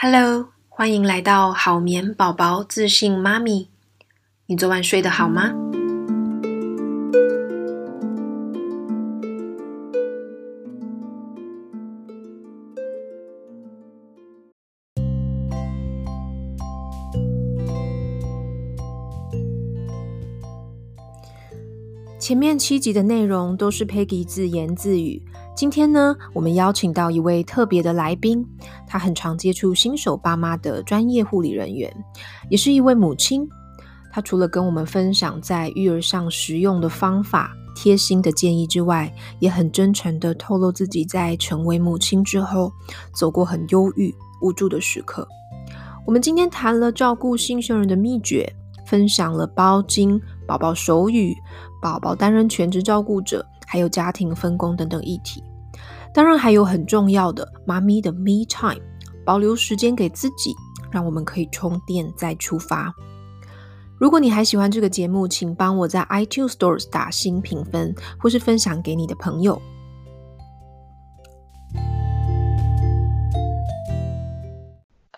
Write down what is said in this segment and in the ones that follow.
Hello，歡迎來到好眠寶寶自信媽咪。你昨晚睡得好嗎？前面七集的內容都是 Peggy 自言自語。今天呢，我們邀請到一位特別的來賓，他很常接觸新手爸媽的專業護理人員，也是一位母親。他除了跟我們分享在育兒上實用的方法、貼心的建議之外，也很真誠的透露自己在成為母親之後走過很憂鬱、無助的時刻。我們今天談了照顧新生兒的祕訣，分享了包巾、寶寶手語、寶寶擔任全職照顧者，還有家庭分工等等議題。當然，還有很重要的媽咪的 me time，保留時間給自己，讓我們可以充電再出發。如果你還喜歡這個節目，請幫我在 iTunes Stores 打星評分，或是分享給你的朋友。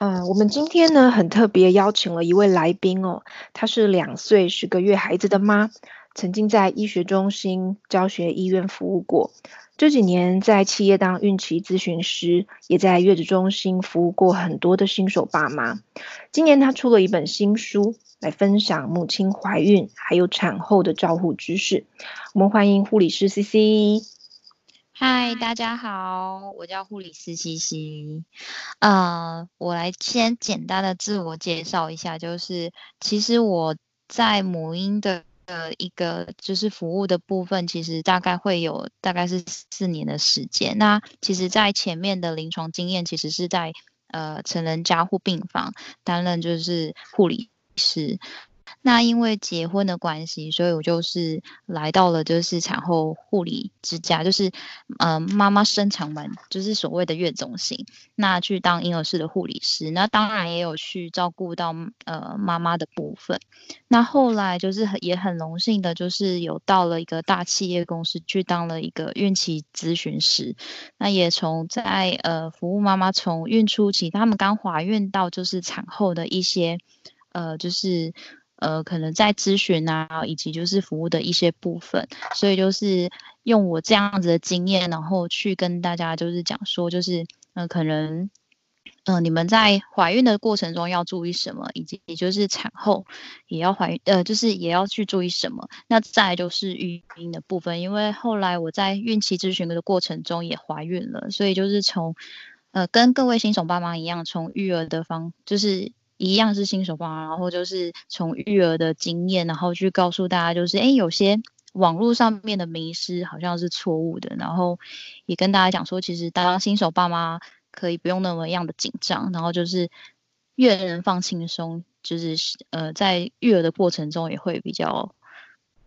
嗯、呃，我們今天呢，很特別邀請了一位來賓哦，她是兩歲十個月孩子的媽，曾經在醫學中心教學醫院服務過。這幾年在企業當孕期諮詢師，也在月子中心服務過很多的新手爸媽。今年她出了一本新書，來分享母親懷孕還有產後的照護知識。我們歡迎護理師 cc。嗨，大家好，我叫護理師 cc。嗯、呃，我來先簡單的自我介紹一下，就是其實我在母嬰的。呃，一個就是服務的部分，其實大概會有大概是四年的時間。那其實，在前面的臨床經驗，其實是在呃成人加護病房擔任就是護理師。那因為結婚的關係，所以我就是來到了就是產後護理之家，就是嗯、呃、媽媽生產完就是所謂的月中心，那去當嬰兒室的護理師，那當然也有去照顧到呃媽媽的部分。那後來就是也很榮幸的，就是有到了一個大企業公司去當了一個孕期諮詢師，那也從在呃服務媽媽從孕初期他們剛懷孕到就是產後的一些呃就是。呃，可能在諮詢啊，以及就是服務的一些部分，所以就是用我這樣子的經驗，然後去跟大家就是講說，就是嗯、呃，可能嗯、呃，你們在懷孕的過程中要注意什麼，以及也就是產後也要懷孕，呃，就是也要去注意什麼。那再來就是育嬰的部分，因為後來我在孕期諮詢的過程中也懷孕了，所以就是從呃，跟各位新手爸媽一樣，從育兒的方就是。一樣是新手爸媽，然後就是從育兒的經驗，然後去告訴大家，就是誒、欸、有些網絡上面的迷思好像是錯誤的，然後也跟大家講說，其實大家新手爸媽可以不用那麼樣的緊張，然後就是越兒人放輕鬆，就是呃，在育兒的過程中也會比較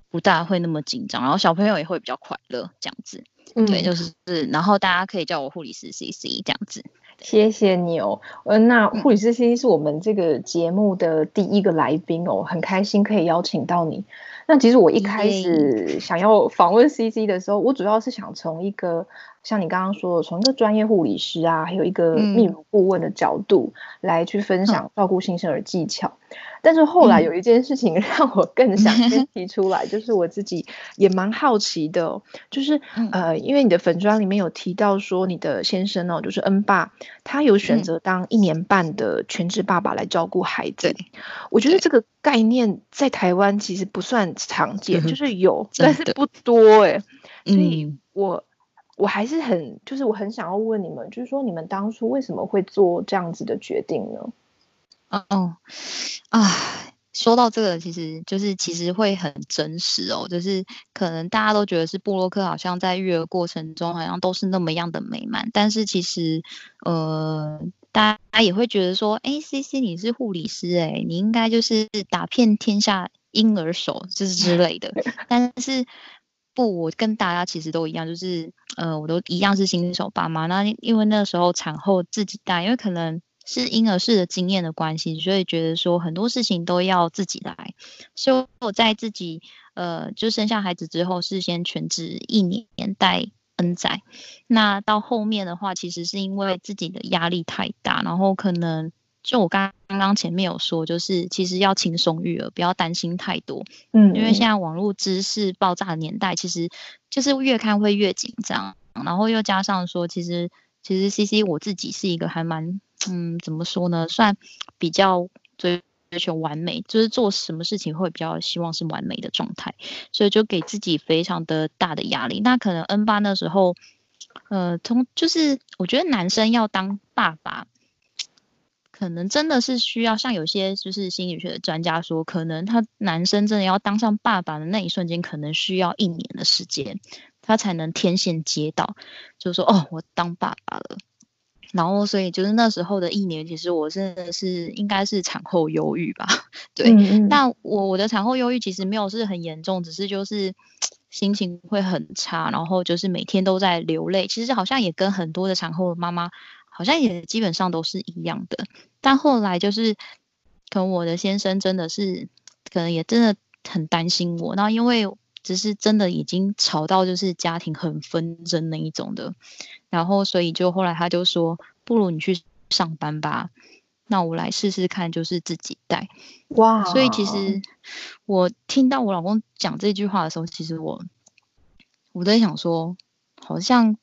不大會那麼緊張，然後小朋友也會比較快樂這樣子。嗯、對，就是是，然後大家可以叫我護理師 CC 這樣子。謝謝你哦，嗯，那護理師 CC 是我們這個節目的第一個來賓哦，很開心可以邀請到你。那其實我一開始想要訪問 CC 的時候，我主要是想從一個。像你剛剛說的，從一個專業護理師啊，還有一個泌乳顧問的角度、嗯、來去分享照顧新生兒技巧。嗯、但是後來有一件事情讓我更想先提出來，嗯、就是我自己也蠻好奇的、哦，嗯、就是呃，因為你的粉專裡面有提到說，你的先生呢、哦，就是恩爸，他有選擇當一年半的全職爸爸來照顧孩子。嗯、我覺得這個概念在台灣其實不算常見，嗯、就是有，的但是不多哎、欸，所以，我，嗯我還是很，就是我很想要問你們，就是說你們當初為什麼會做這樣子的決定呢？哦哦，啊，說到這個，其實就是其實會很真實哦，就是可能大家都覺得是部落客好像在育兒過程中好像都是那麼樣的美滿，但是其實呃，大家也會覺得說，哎，CC 你是護理師，欸，哎，你應該就是打遍天下嬰兒手之之類的， 但是。不，我跟大家其實都一樣，就是呃，我都一樣是新手爸媽。那因為那時候產後自己帶，因為可能是嬰兒室的經驗的關係，所以覺得說很多事情都要自己來。所以我在自己呃，就生下孩子之後是先全職一年帶 N 仔。那到後面的話，其實是因為自己的壓力太大，然後可能。就我剛剛剛前面有說，就是其實要輕鬆育兒，不要擔心太多，嗯,嗯，因為現在網絡知識爆炸的年代，其實就是越看會越緊張，然後又加上說其，其實其實 CC 我自己是一個還蠻，嗯，怎麼說呢，算比較追追求完美，就是做什麼事情會比較希望是完美的狀態，所以就給自己非常的大的壓力。那可能恩巴那時候，呃，從就是我覺得男生要當爸爸。可能真的是需要，像有些就是心理學的專家說，可能他男生真的要當上爸爸的那一瞬間，可能需要一年的時間，他才能天線接到，就是說哦，我當爸爸了。然後，所以就是那時候的一年，其實我真的是應該是產後憂鬱吧？對，嗯，但我我的產後憂鬱其實沒有是很嚴重，只是就是心情會很差，然後就是每天都在流淚。其實好像也跟很多的產後的媽媽。好像也基本上都是一樣的，但後來就是，跟我的先生真的是，可能也真的很擔心我。那因為只是真的已經吵到就是家庭很紛爭那一種的，然後所以就後來他就說，不如你去上班吧，那我來試試看，就是自己帶。哇！Wow. 所以其實我聽到我老公講這句話的時候，其實我我在想說，好像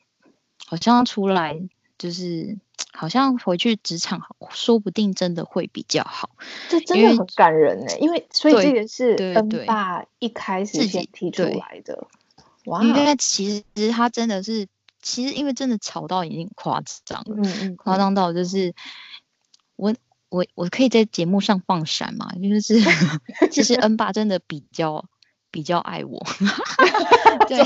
好像要出來。就是好像回去職場好，說不定真的會比較好。這真的很感人哎，因為，對因為所以這個是恩爸己一開始自己提出來的。哇對，Wow 因為其實其實他真的是，其實因為真的吵到已經誇張了，誇張、嗯嗯、到就是我我我可以在節目上放閃嘛，因、就、為是 其實恩爸真的比較。比較愛我， 對，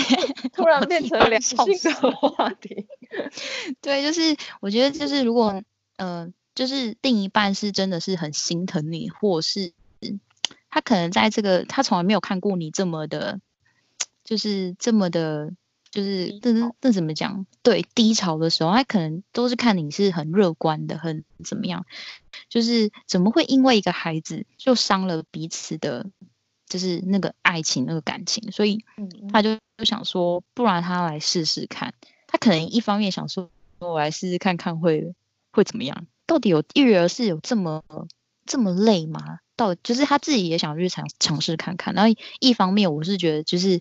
突然變成了兩性的話題。 對，就是我覺得，就是如果，嗯、呃，就是另一半是真的是很心疼你，或是他可能在這個他從來沒有看過你這麼的，就是這麼的，就是這這潮怎麼講？對，低潮的時候，他可能都是看你是很樂觀的，很怎麼樣？就是怎麼會因為一個孩子就傷了彼此的？就是那個愛情，那個感情，所以他就就想說，不然他來試試看。他可能一方面想說，我來試試看看會會怎麼樣？到底有育兒是有這麼這麼累嗎？到就是他自己也想去嘗嘗試看看。然後一,一方面，我是覺得，就是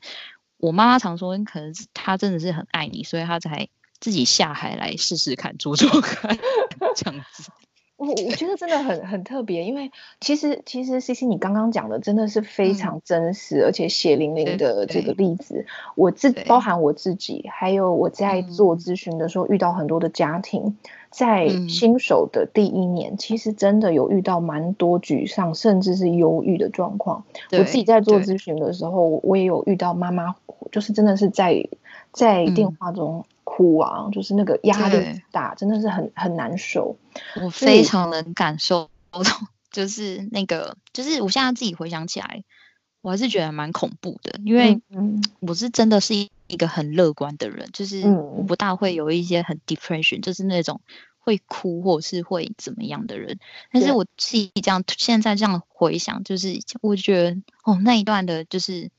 我媽媽常說，可能她真的是很愛你，所以她才自己下海來試試看，做做看這樣子。 我我覺得真的很很特別，因為其實其實 CC 你剛剛講的真的是非常真實，嗯、而且血淋淋的這個例子，我自對包含我自己，還有我在做諮詢的時候、嗯、遇到很多的家庭，在新手的第一年，嗯、其實真的有遇到蠻多沮喪，甚至是憂鬱的狀況。對我自己在做諮詢的時候，對我也有遇到媽媽，就是真的是在在電話中。嗯哭啊，就是那個壓力大，對真的是很很難受。我非常能感受，就是那個，就是我現在自己回想起來，我還是覺得還蠻恐怖的。因為我是真的是一一個很樂觀的人，就是我不大會有一些很 depression，就是那種會哭或者是會怎麼樣的人。但是我自己這樣對現在這樣回想，就是我覺得哦，那一段的就是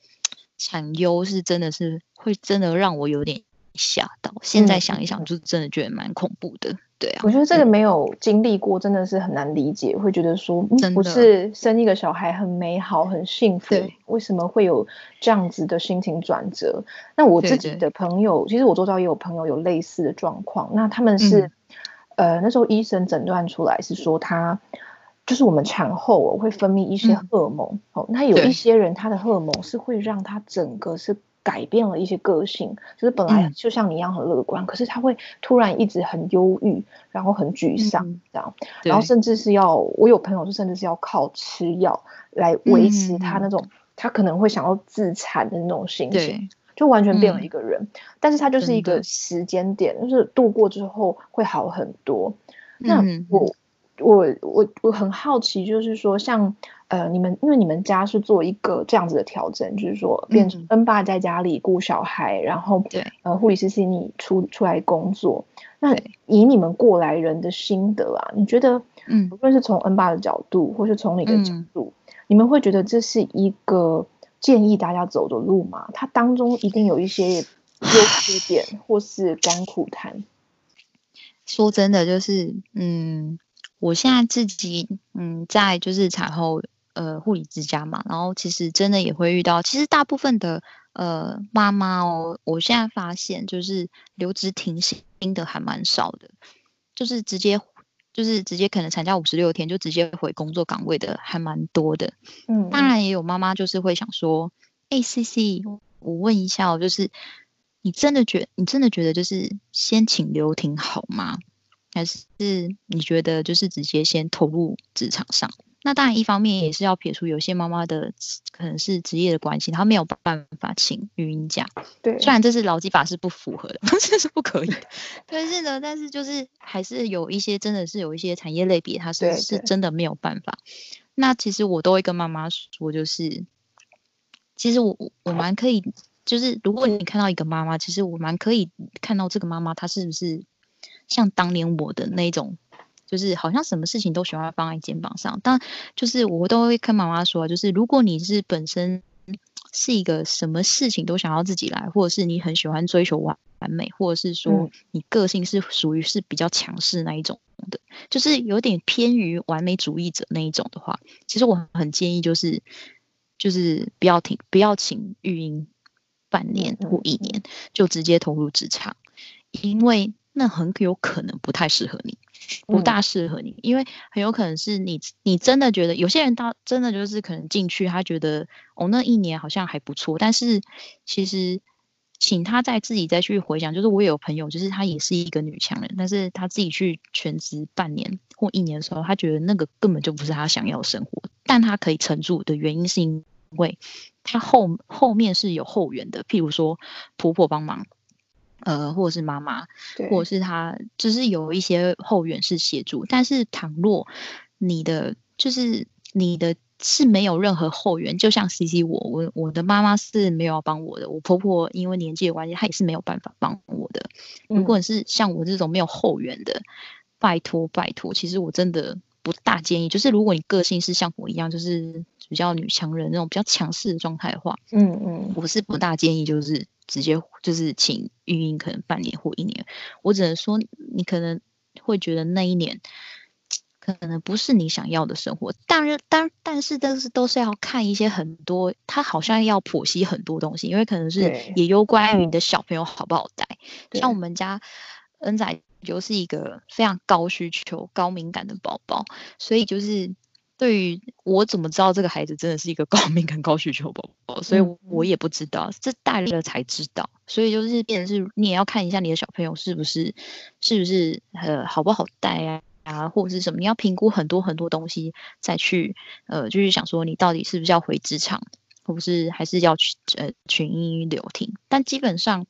產憂是真的是會真的讓我有點。嚇到！現在想一想，就真的覺得蠻恐怖的，對啊。我覺得這個沒有經歷過，真的是很難理解，嗯、會覺得說，不的、嗯、是生一個小孩很美好、很幸福，對為什麼會有這樣子的心情轉折？那我自己的朋友，對對其實我周遭也有朋友有類似的狀況，那他們是，嗯、呃，那時候醫生診斷出來是說他，就是我們產後、哦、會分泌一些荷爾蒙，嗯、哦，那有一些人他的荷爾蒙是會讓他整個是。改變了一些個性，就是本來就像你一樣很樂觀，嗯、可是他會突然一直很憂鬱，然後很沮喪，嗯、這樣，對然後甚至是要我有朋友是甚至是要靠吃藥來維持他那種、嗯、他可能會想要自殘的那種心情，對就完全變了一個人。嗯、但是他就是一個時間點，的就是度過之後會好很多。嗯、那我、嗯、我我我很好奇，就是說像。呃，你們因為你們家是做一個這樣子的調整，就是說變成恩爸在家裡顧小孩，嗯、然後對呃護理師是你出出來工作。那以你們過來人的心得啊，對你覺得嗯，無論是從恩爸的角度，或是從你的角度，嗯、你們會覺得這是一個建議大家走的路嗎？它當中一定有一些優缺點，或是甘苦談。說真的，就是嗯，我現在自己嗯，在就是產後。呃，護理之家嘛，然後其實真的也會遇到，其實大部分的呃媽媽哦，我現在發現就是留職停薪的還蠻少的，就是直接就是直接可能產假五十六天就直接回工作崗位的還蠻多的，嗯，當然也有媽媽就是會想說，哎，cc，我問一下哦，就是你真的覺得你真的覺得就是先請留停好嗎？還是你覺得就是直接先投入職場上？那當然，一方面也是要撇除，有些媽媽的可能是職業的關係，她沒有辦法請育嬰假。對，雖然這是勞基法是不符合的，但是不可以，但是呢，對但是就是還是有一些真的是有一些產業類別，它是是真的沒有辦法。對對，那其實我都會跟媽媽說，就是其實我我蠻可以，就是如果你看到一個媽媽，嗯，其實我蠻可以看到這個媽媽，她是不是像當年我的那一種。就是好像什麼事情都喜歡放在肩膀上，但就是我都會跟媽媽說、啊，就是如果你是本身是一個什麼事情都想要自己來，或者是你很喜歡追求完完美，或者是說你個性是屬於是比較強勢那一種的，嗯、就是有點偏於完美主義者那一種的話，其實我很建議就是就是不要請不要請育嬰半年或一年，嗯、就直接投入職場，因為。那很有可能不太適合你，不大適合你，嗯、因為很有可能是你，你真的覺得有些人他真的就是可能進去，他覺得哦，那一年好像還不錯，但是其實，請他再自己再去回想，就是我有朋友，就是他也是一個女強人，但是他自己去全職半年或一年的時候，他覺得那個根本就不是他想要的生活，但他可以撐住的原因是因為他後後面是有後援的，譬如說婆婆幫忙。呃，或者是媽媽，對或者是他，就是有一些後援是協助。但是倘若你的就是你的是沒有任何後援，就像 CC 我，我我的媽媽是沒有要幫我的，我婆婆因為年紀的關係，她也是沒有辦法幫我的。如果是像我這種沒有後援的，嗯、拜托拜托，其實我真的。不大建議，就是如果你個性是像我一樣，就是比較女強人那種比較強勢的狀態的話，嗯嗯，嗯我是不大建議，就是直接就是請育嬰可能半年或一年，我只能說你可能會覺得那一年，可能不是你想要的生活，當然當但是都是都是要看一些很多，他好像要剖析很多東西，因為可能是也攸關於你的小朋友好不好帶，對像我們家恩仔，就是一個非常高需求、高敏感的寶寶，所以就是對於我怎麼知道這個孩子真的是一個高敏感、高需求寶寶，所以我也不知道，嗯嗯這帶了才知道。所以就是變成是你也要看一下你的小朋友是不是是不是呃好不好帶啊啊或者是什麼，你要評估很多很多東西再去呃就是想說你到底是不是要回職場，或者不是還是要去呃育嬰留停，但基本上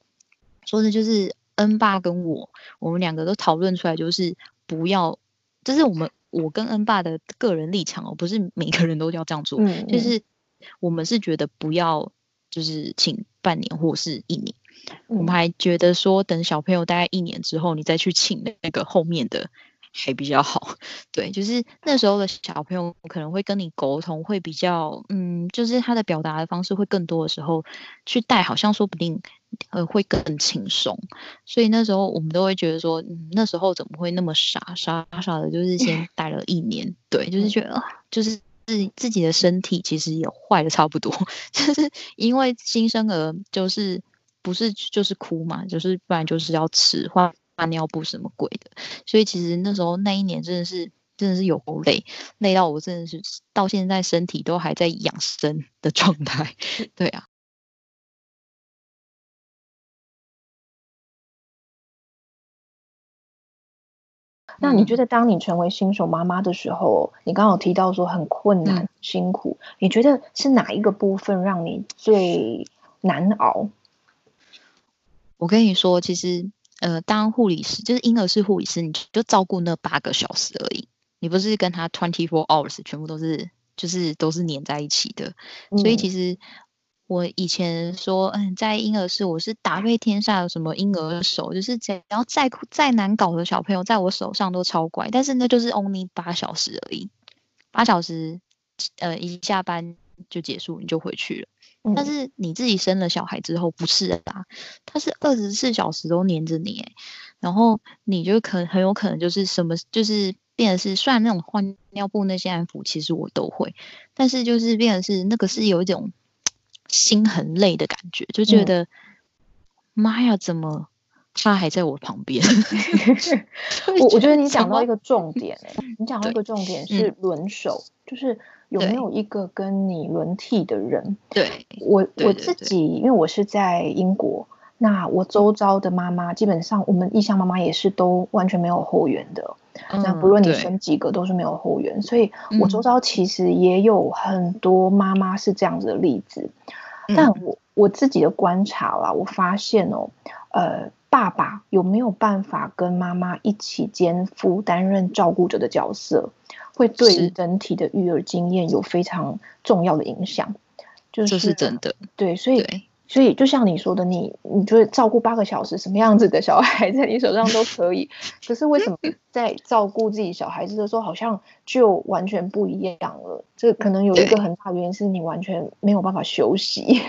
說的就是。恩爸跟我，我們兩個都討論出來，就是不要，這、就是我們我跟恩爸的個人立場哦，不是每個人都要這樣做。嗯嗯就是我們是覺得不要，就是請半年或是一年，嗯、我們還覺得說等小朋友大概一年之後，你再去請那個後面的還比較好。對，就是那時候的小朋友可能會跟你溝通會比較，嗯，就是他的表達的方式會更多的時候去帶，好像說不定。呃，會更輕鬆，所以那時候我們都會覺得說，嗯，那時候怎麼會那麼傻傻傻傻的？就是先待了一年，對，就是覺得就是自自己的身體其實也壞的差不多，就是因為新生兒就是不是就是哭嘛，就是不然就是要吃換換尿布什麼鬼的，所以其實那時候那一年真的是真的是有夠累，累到我真的是到現在身體都還在養生的狀態，對啊。那你覺得，當你成為新手媽媽的時候，嗯、你剛好提到說很困難、嗯、辛苦，你覺得是哪一個部分讓你最難熬？我跟你說，其實，呃，當護理師，就是嬰兒室護理師，你就照顧那八個小時而已，你不是跟他 twenty-four hours 全部都是，就是都是黏在一起的，嗯、所以其實。我以前說，嗯，在嬰兒室我是打遍天下有什麼嬰兒手，就是只要再再難搞的小朋友，在我手上都超乖。但是那就是 only 八小時而已，八小時，呃，一下班就結束，你就回去了。嗯、但是你自己生了小孩之後不是吧，啊？他是二十四小時都黏着你，欸，然後你就可能很有可能就是什麼，就是變的是，雖然那種換尿布那些安撫，其實我都會，但是就是變的是那個是有一種。心很累的感覺，就覺得媽、嗯、呀，怎麼他還在我旁邊？我 我覺得你講到一個重點、欸，對你講到一個重點是輪手，對就是有沒有一個跟你輪替的人？對我我自己，對對對因為我是在英國，那我周遭的媽媽基本上，我們異鄉媽媽也是都完全沒有後援的。嗯、那不論你生幾個，都是沒有後援。對所以我周遭其實也有很多媽媽是這樣子的例子。嗯，但我我自己的觀察啦，我發現哦，呃，爸爸有沒有辦法跟媽媽一起肩負擔任照顧者的角色，會對整體的育兒經驗有非常重要的影響。就是，就是真的，對，所以。所以，就像你說的，你你就是照顧八個小時，什麼樣子的小孩在你手上都可以。 可是，為什麼在照顧自己小孩子的時候，好像就完全不一樣了？這可能有一個很大原因，是你完全沒有辦法休息。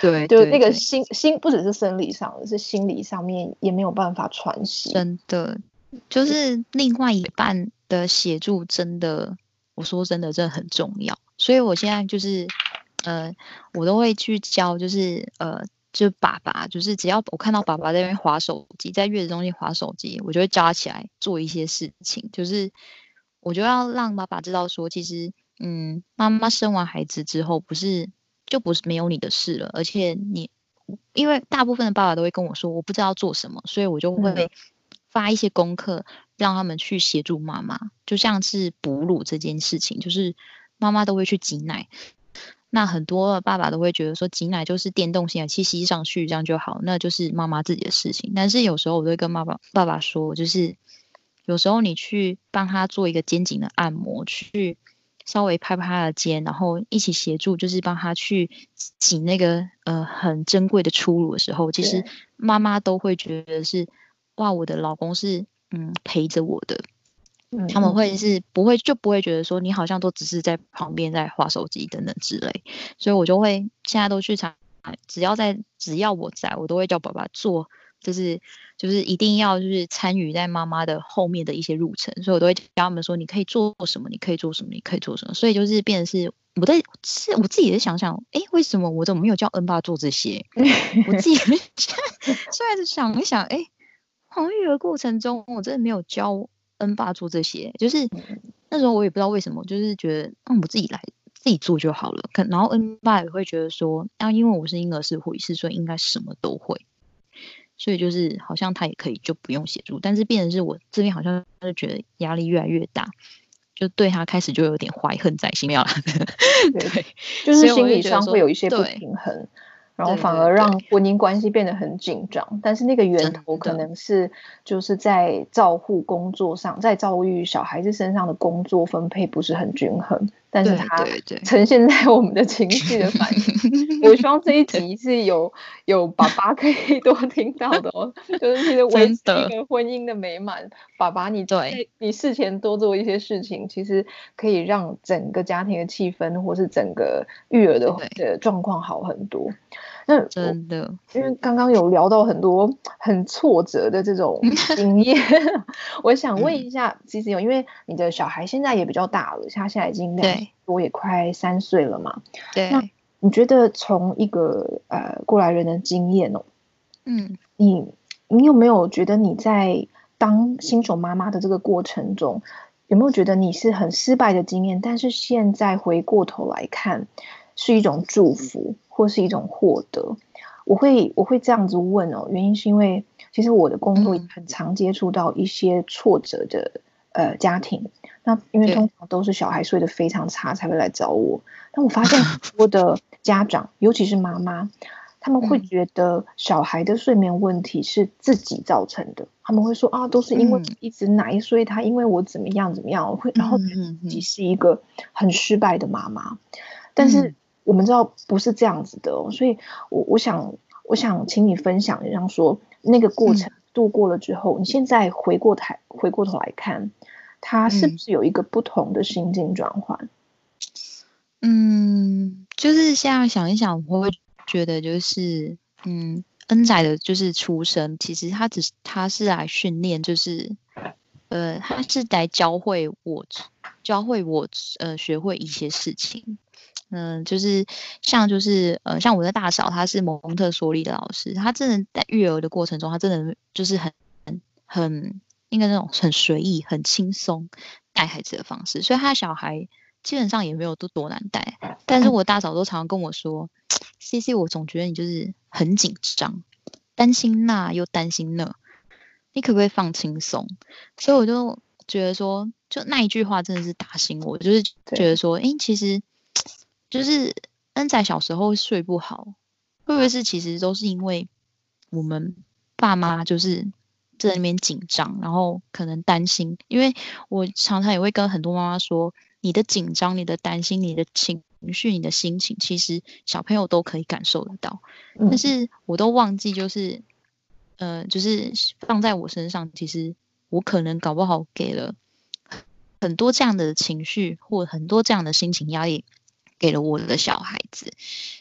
對，就 對對那個心心，不只是生理上，是心理上面也沒有辦法喘息。真的，就是另外一半的協助，真的，我說真的，這很重要。所以我現在就是。呃，我都會去教，就是呃，就爸爸，就是只要我看到爸爸在那邊滑手機，在月子中心滑手機，我就會抓起來做一些事情。就是，我就要讓爸爸知道說，其實，嗯，媽媽生完孩子之後，不是就不是沒有你的事了。而且你，因為大部分的爸爸都會跟我說，我不知道做什麼，所以我就會發一些功課讓他們去協助媽媽，就像是哺乳這件事情，就是媽媽都會去擠奶。那很多爸爸都會覺得說，擠奶就是電動吸奶器吸上去這樣就好，那就是媽媽自己的事情。但是有時候我都會跟爸爸爸爸說，就是有時候你去幫他做一個肩頸的按摩，去稍微拍拍他的肩，然後一起協助，就是幫他去擠那個呃很珍貴的初乳的時候，其實媽媽都會覺得是哇，我的老公是嗯陪着我的。他們會是不會就不會覺得說，你好像都只是在旁邊在划手機等等之類，所以我就會現在都去查，只要在，只要我在，我都會叫爸爸做，就是就是一定要就是參與在媽媽的後面的一些路程，所以我都會教他們說，你可以做什麼，你可以做什麼，你可以做什麼，所以就是變成是我在，是我自己在想想，誒、欸，為什麼我怎麼沒有叫恩爸做這些？ 我自己雖然就想一想，誒、欸，養育的過程中我真的沒有教，恩爸做這些，就是那時候我也不知道為什麼，就是覺得讓、嗯、我自己來自己做就好了。可然後恩爸也會覺得說，啊，因為我是嬰兒室護理師，所以應該什麼都會，所以就是好像他也可以就不用協助，但是變成是我這邊好像就覺得壓力越來越大，就對他開始就有點懷恨在心了。對，就是心理上會有一些不平衡。然後反而讓婚姻關係變得很緊張，對對對，但是那個源頭可能是就是在照護工作上，對對對，在照顧育小孩子身上的工作分配不是很均衡。但是它呈現在我們的情緒的反應，對對對，我希望這一集是有有爸爸可以多聽到的，哦， 就是其實溫馨的婚姻的美滿，的爸爸你對你事前多做一些事情，對其實可以讓整個家庭的氣氛，或是整個育兒的的狀況好很多。對對嗯，真的，因為剛剛有聊到很多很挫折的這種經驗， 我想問一下，嗯、其實有，因為你的小孩現在也比較大了，他現在已經對我也快三歲了嘛？對，那你覺得從一個呃過來人的經驗哦，嗯，你你有沒有覺得你在當新手媽媽的這個過程中，有沒有覺得你是很失敗的經驗？但是現在回過頭來看。是一種祝福，或是一種獲得。我會我會這樣子問哦，原因是因為其實我的工作也很常接觸到一些挫折的、嗯、呃家庭。那因為通常都是小孩睡得非常差才會來找我。但我發現很多的家長， 尤其是媽媽，他們會覺得小孩的睡眠問題是自己造成的。他、嗯、們會說啊，都是因為一直奶睡他，嗯、因為我怎麼樣怎麼樣，會然後覺得自己是一個很失敗的媽媽，嗯、但是。我們知道不是這樣子的哦，所以我，我我想，我想請你分享一下說，說那個過程度過了之後，是你現在回過台，回過頭來看，他是不是有一個不同的心境轉換？嗯，就是現在想一想，我會覺得就是，嗯，恩仔的就是出生，其實他只是他是來訓練，就是，呃，他是來教會我，教會我，呃，學會一些事情。嗯、呃，就是像，就是呃，像我的大嫂，她是蒙特梭利的老師，她真的在育兒的過程中，她真的就是很很應該那種很隨意，很輕鬆帶孩子的方式，所以她小孩基本上也沒有多難帶。但是我大嫂都常常跟我說，嗯，“CC，我總覺得你就是很緊張，擔心那又擔心那，你可不可以放輕鬆？”所以我就覺得說，就那一句話真的是打醒我，就是覺得說，誒對、欸，其實。就是恩仔小時候睡不好，會不會是其實都是因為我們爸媽就是在那邊緊張，然後可能擔心。因為我常常也會跟很多媽媽說，你的緊張、你的擔心、你的情緒、你的心情，其實小朋友都可以感受得到。嗯。但是我都忘記，就是呃，就是放在我身上，其實我可能搞不好給了很多這樣的情緒或很多這樣的心情壓力。給了我的小孩子，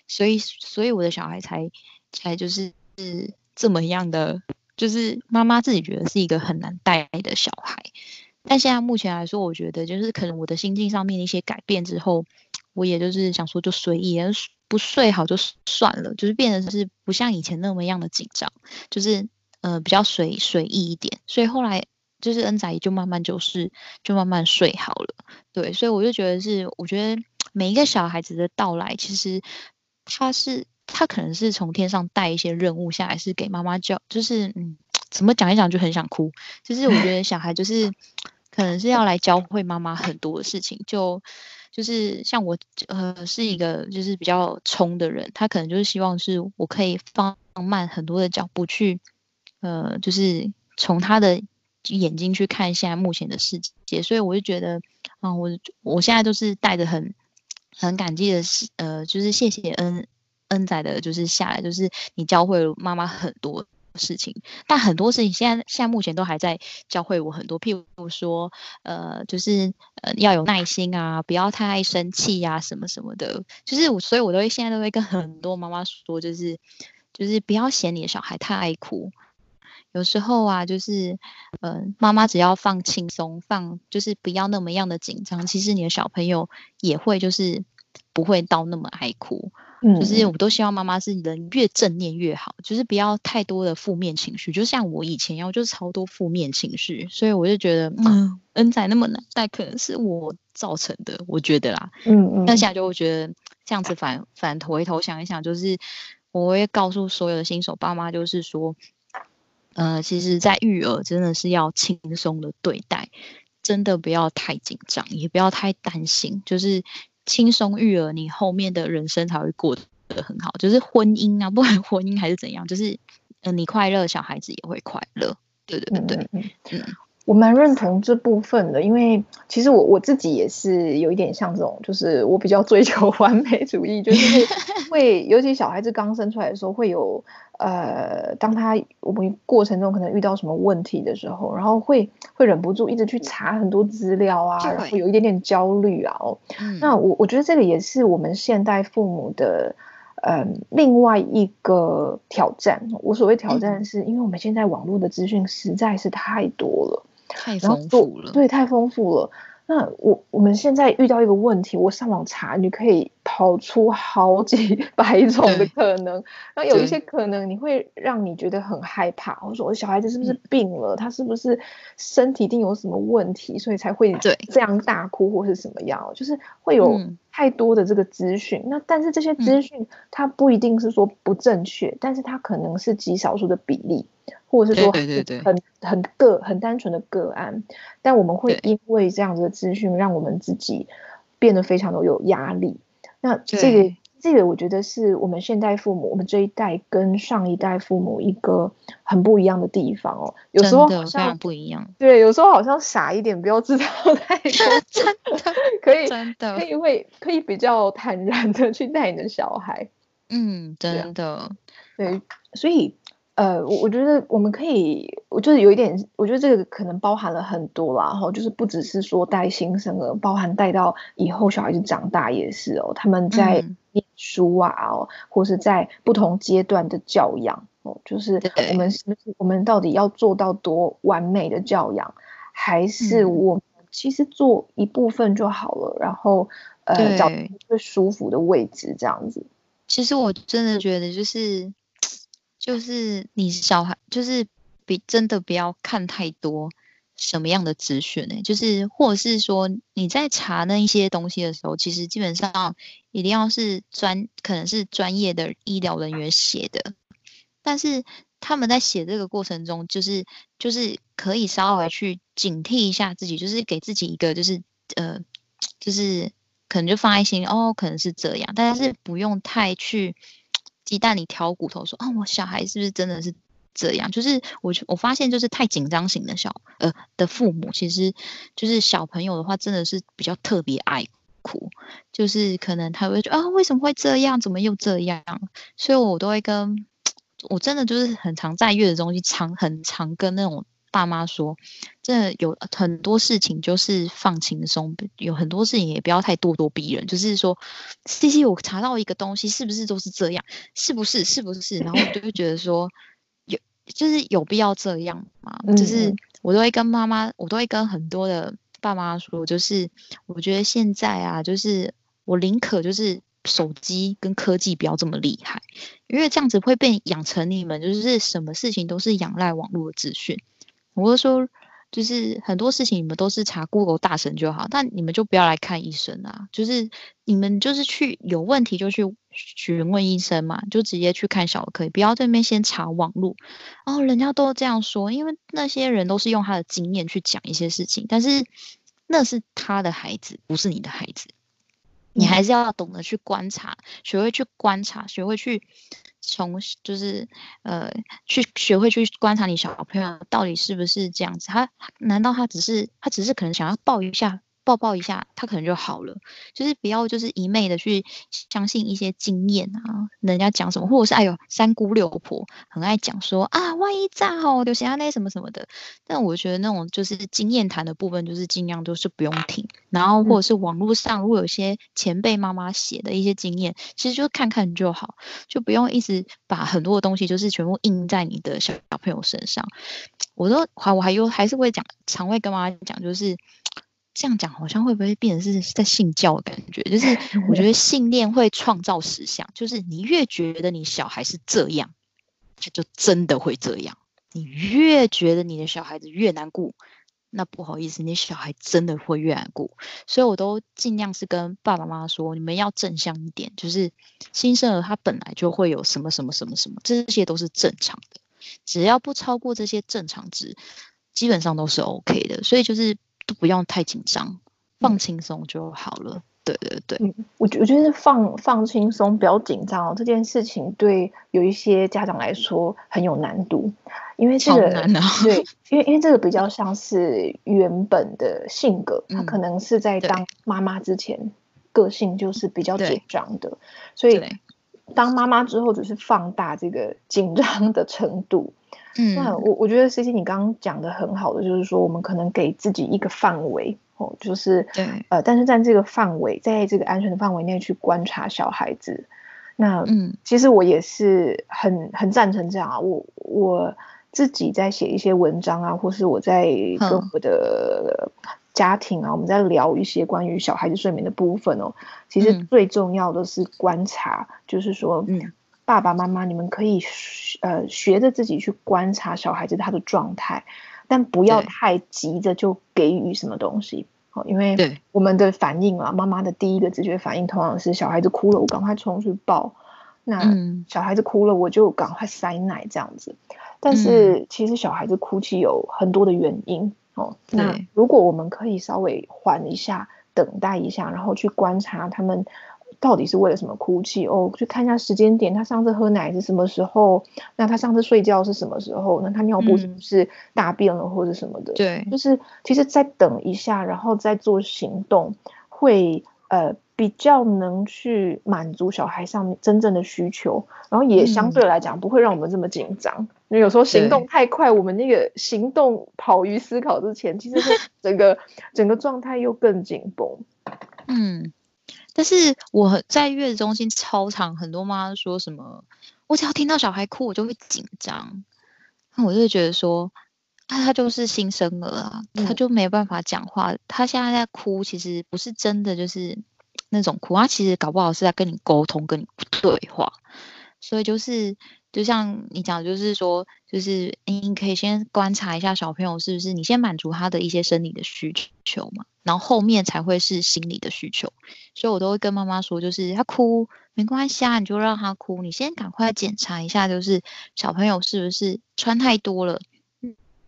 所以所以我的小孩才才就是是這麼樣的，就是媽媽自己覺得是一個很難帶的小孩，但現在目前來說，我覺得就是可能我的心境上面的一些改變之後，我也就是想說就隨意，不睡好就算了，就是變得是不像以前那麼樣的緊張，就是呃比較隨隨意一點，所以後來就是恩仔就慢慢就是就慢慢睡好了，對，所以我就覺得是我覺得。每一個小孩子的到來，其實他是他可能是從天上帶一些任務下來，是給媽媽教，就是嗯，怎麼講一講就很想哭。就是我覺得小孩就是， 可能是要來教會媽媽很多的事情，就就是像我呃是一個就是比較衝的人，他可能就是希望是我可以放慢很多的腳步去，呃，就是從他的眼睛去看一下目前的世界，所以我就覺得啊、呃，我我現在都是帶的很。很感激的是，呃，就是謝謝恩恩仔的，就是下來就是你教會了媽媽很多事情，但很多事情現在現在目前都還在教會我很多，譬如說，呃，就是呃要有耐心啊，不要太愛生氣呀，啊，什麼什麼的，就是我所以我都會現在都會跟很多媽媽說，就是就是不要嫌你的小孩太愛哭。有時候啊，就是，嗯、呃，媽媽只要放輕鬆，放就是不要那麼樣的緊張。其實你的小朋友也會就是不會到那麼愛哭。嗯，嗯，就是我都希望媽媽是人越正念越好，就是不要太多的負面情緒。就像我以前一樣，我就是超多負面情緒，所以我就覺得，嗯，恩仔啊、那麼難帶，那可能是我造成的，我覺得啦。嗯嗯，那現在就我覺得這樣子反反回頭，頭想一想，就是我會告訴所有的新手爸媽，就是說。呃，其實，在育兒真的是要輕鬆的對待，真的不要太緊張，也不要太擔心，就是輕鬆育兒，你後面的人生才會過得很好。就是婚姻啊，不管婚姻還是怎樣，就是嗯、呃，你快樂，小孩子也會快樂。對對對對。嗯嗯嗯嗯我蠻認同這部分的，因為其實我我自己也是有一點像這種，就是我比較追求完美主義，就是會尤其小孩子剛生出來的時候，會有呃，當他我們過程中可能遇到什麼問題的時候，然後會會忍不住一直去查很多資料啊，然後有一點點焦慮啊。對那我我覺得這個也是我們現代父母的嗯、呃、另外一個挑戰，我所謂挑戰是，是因為我們現在網絡的資訊實在是太多了。太豐富了，對，太豐富了。那我我們現在遇到一個問題，我上網查，你可以。跑出好幾百種的可能，對然後有一些可能你會讓你覺得很害怕。我對說，我小孩子是不是病了？嗯、他是不是身體一定有什麼問題，所以才會這樣大哭，或是怎麼樣？對就是會有太多的這個資訊。嗯、那但是這些資訊，它不一定是說不正確，嗯、但是它可能是極少數的比例，或者是說很對對對對很個很單純的個案。但我們會因為這樣子的資訊，讓我們自己變得非常的有壓力。那這個對這個，我覺得是我們現代父母，我們這一代跟上一代父母一個很不一樣的地方哦。有時候好像不一樣。對，有時候好像傻一點，不要知道太多， 真的可以真的可以會可以比較坦然的去帶你的小孩。嗯，真的。對，所以。呃，我我覺得我們可以，我就是有一點，我覺得這個可能包含了很多啦，然後、哦、就是不只是說帶新生兒，包含帶到以後小孩子長大也是哦，他們在念書啊、哦，嗯、或是在不同階段的教養哦，就是我們是不是對我們到底要做到多完美的教養，還是我們其實做一部分就好了，嗯、然後呃對找最舒服的位置這樣子。其實我真的覺得就是。就是你小孩，就是比真的不要看太多什麼樣的資訊呢，就是或者是說你在查那一些東西的時候，其實基本上一定要是專，可能是專業的醫療人員寫的。但是他們在寫這個過程中，就是就是可以稍微去警惕一下自己，就是給自己一個就是呃，就是可能就放在心裡哦，可能是這樣，但是不用太去。雞蛋裡挑骨頭說啊，我小孩是不是真的是這樣？就是我，我發現就是太緊張型的小呃的父母，其實就是小朋友的話，真的是比較特別愛哭，就是可能他會覺得啊，為什麼會這樣？怎麼又這樣？所以我都會跟，我真的就是很常在月子中心，常很常跟那種。爸媽說，這有很多事情就是放輕鬆，有很多事情也不要太咄咄逼人。就是說，CC 我查到一個東西，是不是都是這樣？是不是？是不是？然後我就會覺得說， 有就是有必要這樣嗎？嗯、就是我都會跟媽媽，我都會跟很多的爸媽說，就是我覺得現在啊，就是我寧可就是手機跟科技不要這麼厲害，因為這樣子會被養成你們，就是什麼事情都是仰賴網絡的資訊。我說，就是很多事情你們都是查 Google 大神就好，但你們就不要來看醫生啊！就是你們就是去有問題就去詢問醫生嘛，就直接去看小科，不要這邊先查網絡。哦，人家都這樣說，因為那些人都是用他的經驗去講一些事情，但是那是他的孩子，不是你的孩子，你還是要懂得去觀察，學會去觀察，學會去。從就是，呃，去學會去觀察你小朋友到底是不是這樣子，他難道他只是他只是可能想要抱一下？抱抱一下，他可能就好了。就是不要，就是一昧的去相信一些經驗啊，人家講什麼，或者是哎呦，三姑六婆很愛講說啊，萬一炸哦，流血啊，那什麼什麼的。但我覺得那種就是經驗談的部分，就是儘量都是不用聽。然後或者是網絡上，如果有些前輩媽媽寫的一些經驗，嗯、其實就看看就好，就不用一直把很多的東西就是全部印在你的小朋友身上。我都還，我還有還是會講，常會跟媽媽講，就是。這樣講好像會不會變成是在信教的感覺？就是我覺得信念會創造實相，就是你越覺得你小孩是這樣，他就真的會這樣。你越覺得你的小孩子越難顧，那不好意思，你小孩真的會越難顧。所以，我都盡量是跟爸爸媽媽說，你們要正向一點，就是新生兒他本來就會有什麼什麼什麼什麼，這些都是正常的，只要不超過這些正常值，基本上都是 OK 的。所以，就是。都不用太緊張，放輕鬆就好了。嗯、對對對，我覺我覺得放放輕鬆不要緊張哦，這件事情對有一些家長來說很有難度，因為這個難、啊、對，因為因為這個比較像是原本的性格，他可能是在當媽媽之前，嗯、個性就是比較緊張的，對所以對當媽媽之後只是放大這個緊張的程度。嗯、那我我覺得，CC 你剛剛講的很好的，就是說，我們可能給自己一個範圍哦，就是對，呃，但是在這個範圍，在這個安全的範圍內去觀察小孩子。那嗯，其實我也是很很贊成這樣啊。我我自己在寫一些文章啊，或是我在跟我的家庭啊，嗯、我們在聊一些關於小孩子睡眠的部分哦。其實最重要的是觀察，嗯、就是說嗯。爸爸媽媽，你們可以學呃學着自己去觀察小孩子他的狀態，但不要太急着就給予什麼東西。對因為我們的反應啊，媽媽的第一個直覺反應通常是小孩子哭了，我趕快衝去抱。那小孩子哭了，我就趕快塞奶這樣子。但是其實小孩子哭泣有很多的原因對哦。那如果我們可以稍微緩一下，等待一下，然後去觀察他們。到底是為了什麼哭泣？哦、oh，去看一下時間點，他上次喝奶是什麼時候？那他上次睡覺是什麼時候？那他尿布是不是大便了或者什麼的？嗯、對，就是其實再等一下，然後再做行動，會呃比較能去滿足小孩上面真正的需求，然後也相對來講不會讓我們這麼緊張。因為、嗯、有時候行動太快，對我們那個行動跑於思考之前，其實整個 整個狀態又更緊繃。嗯。但是，我在月子中心超常很多媽說，什麼我只要聽到小孩哭我就會緊張，那我就覺得說，他就是新生兒啊，他就沒有辦法講話，他哭現在在哭其實不是真的就是那種哭，他其實搞不好是在跟你溝通跟你對話，所以就是就像你講，就是說就是你可以先觀察一下小朋友是不是你先滿足他的一些生理的需求嘛。然後後面才會是心理的需求，所以我都會跟媽媽說，就是他哭沒關係啊，你就讓他哭，你先趕快檢查一下，就是小朋友是不是穿太多了，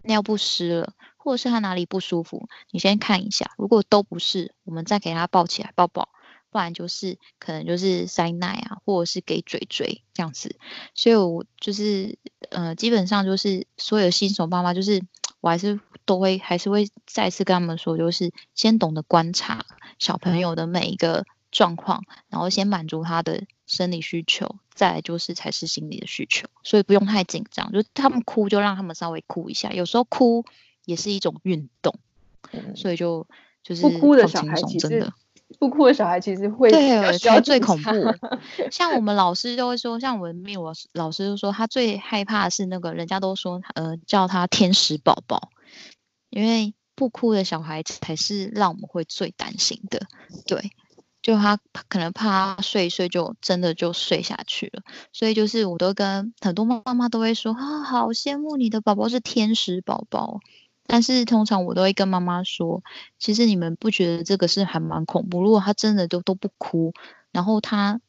尿不濕了，或者是他哪裡不舒服，你先看一下。如果都不是，我們再給他抱起來抱抱，不然就是可能就是塞奶啊，或者是給嘴嘴這樣子。所以我就是呃，基本上就是所有新手媽媽就是。我還是都會還是會再次跟他們說，就是先懂得觀察小朋友的每一個狀況，嗯、然後先滿足他的生理需求，再就是才是心理的需求，所以不用太緊張，就他們哭就讓他們稍微哭一下，有時候哭也是一種運動，嗯、所以就就是好輕鬆，不哭的小孩真的。不哭的小孩其實會叫最恐怖， 像我們老師就會說，像我們咪我老師就說，他最害怕的是那個人家都說，呃，叫他天使寶寶，因為不哭的小孩子才是讓我們會最擔心的，對，就他可能怕他睡一睡就真的就睡下去了，所以就是我都跟很多媽媽都會說，啊，好羨慕你的寶寶是天使寶寶。但是通常我都會跟媽媽說，其實你們不覺得這個事還蠻恐怖？如果她真的都都不哭，然後她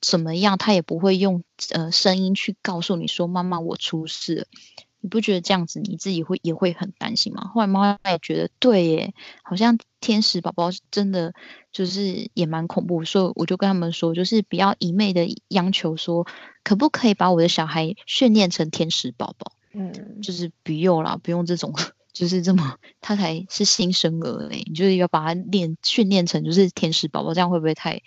怎麼樣，她也不會用呃聲音去告訴你說，媽媽我出事，你不覺得這樣子你自己會也會很擔心嗎？後來媽媽也覺得對耶，好像天使寶寶真的就是也蠻恐怖，所以我就跟他們說，就是不要一味的央求說，可不可以把我的小孩訓練成天使寶寶？嗯，就是不用啦，不用這種。就是這麼，他才是新生兒，欸，你就是要把他練訓練成就是天使寶寶，這樣會不會太？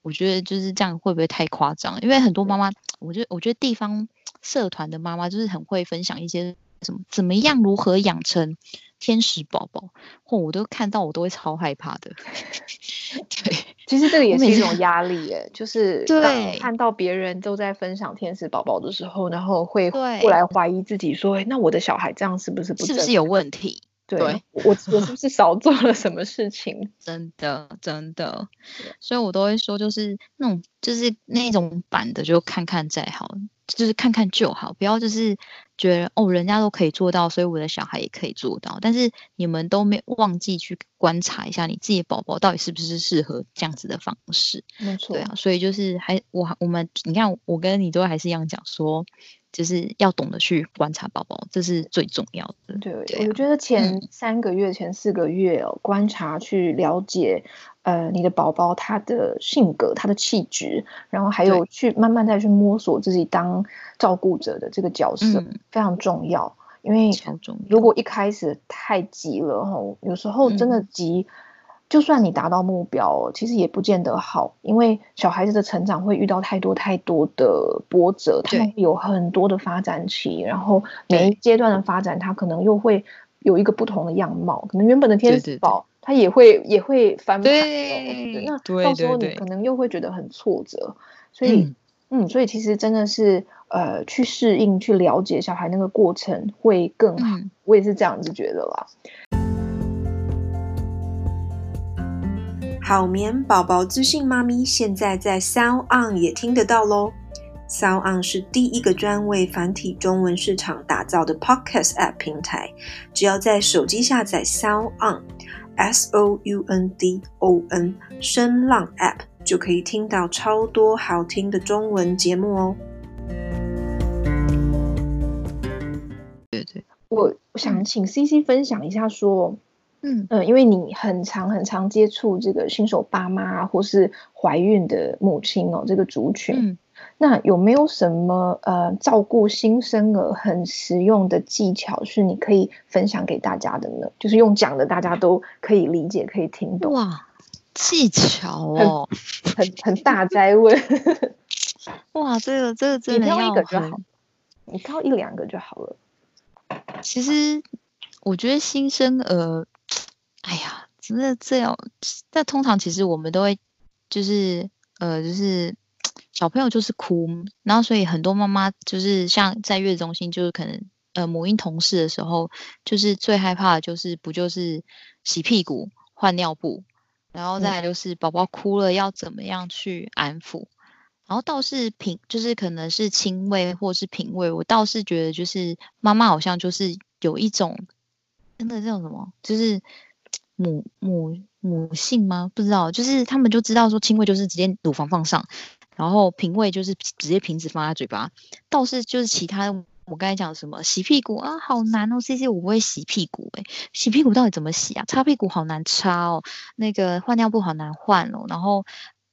我覺得就是這樣會不會太誇張？因為很多媽媽，我覺得我覺得地方社團的媽媽就是很會分享一些。怎麼？怎麼樣？如何養成天使寶寶？或、哦、我都看到，我都會超害怕的。 對， 其實這個也是一種壓力，哎，就是對，看到別人都在分享天使寶寶的時候，然後會過來懷疑自己，說：對哎，那我的小孩這樣是不是不是不是有問題？對我， 我是不是少做了什麼事情？ 真的，真的，對所以我都會說，就是那、嗯、就是那種版的，就看看再好，就是看看就好，不要就是覺得哦，人家都可以做到，所以我的小孩也可以做到。但是你們都沒忘記去觀察一下，你自己的寶寶到底是不是適合這樣子的方式？沒錯錯，對啊，所以就是還我我們，你看我跟你都還是一樣講說。就是要懂得去觀察寶寶，這是最重要的。對，對啊、我覺得前三個月、嗯、前四個月、哦、觀察去了解，呃，你的寶寶他的性格、他的氣質，然後還有去慢慢再去摸索自己當照顧者的這個角色對非常重要。嗯、因為如果一開始太急了哈、哦，有時候真的急。嗯就算你達到目標，其實也不見得好，因為小孩子的成長會遇到太多太多的波折，他有很多的發展期，對然後每一階段的發展，他可能又會有一個不同的樣貌，可能原本的天使寶，他也會也會翻盤，喔對，那到時候你可能又會覺得很挫折，對對對，所以，嗯，嗯，所以其實真的是，呃，去適應、去了解小孩那個過程會更好，嗯、我也是這樣子覺得啦。好眠寶寶自信媽咪現在在 Sound On 也聽得到嘍。Sound On 是第一個專為繁體中文市場打造的 Podcast App 平台，只要在手機下載 Sound On S O U N D O N 聲浪 App，就可以聽到超多好聽的中文節目哦。對對，我我想請 CC 分享一下說。嗯嗯，因為你很常、很常接觸這個新手爸媽、啊、或是懷孕的母親哦、喔，這個族群。嗯、那有沒有什麼呃照顧新生兒很實用的技巧是你可以分享給大家的呢？就是用講的，大家都可以理解可以聽懂？哇，技巧哦，很很，很大哉問！ 哇，這個這個真的要一個就好，你挑一兩個就好了。其實我覺得新生兒，哎呀，真的這樣。那通常其實我們都會，就是呃，就是小朋友就是哭，然後所以很多媽媽就是像在月子中心，就是可能呃母嬰同室的時候，就是最害怕的就是不就是洗屁股換尿布，然後再來就是寶寶哭了要怎麼樣去安撫。嗯、然後倒是瓶就是可能是親餵或是瓶餵，我倒是覺得就是媽媽好像就是有一種真的這種什麼就是。母母母性嗎？不知道，就是他們就知道說，親餵就是直接乳房放上，然後瓶餵就是直接瓶子放在嘴巴。倒是就是其他的，我剛才講什麼洗屁股啊，好難哦，CC 我不會洗屁股，欸，誒，洗屁股到底怎麼洗啊？擦屁股好難擦哦，那個換尿布好難換哦，然後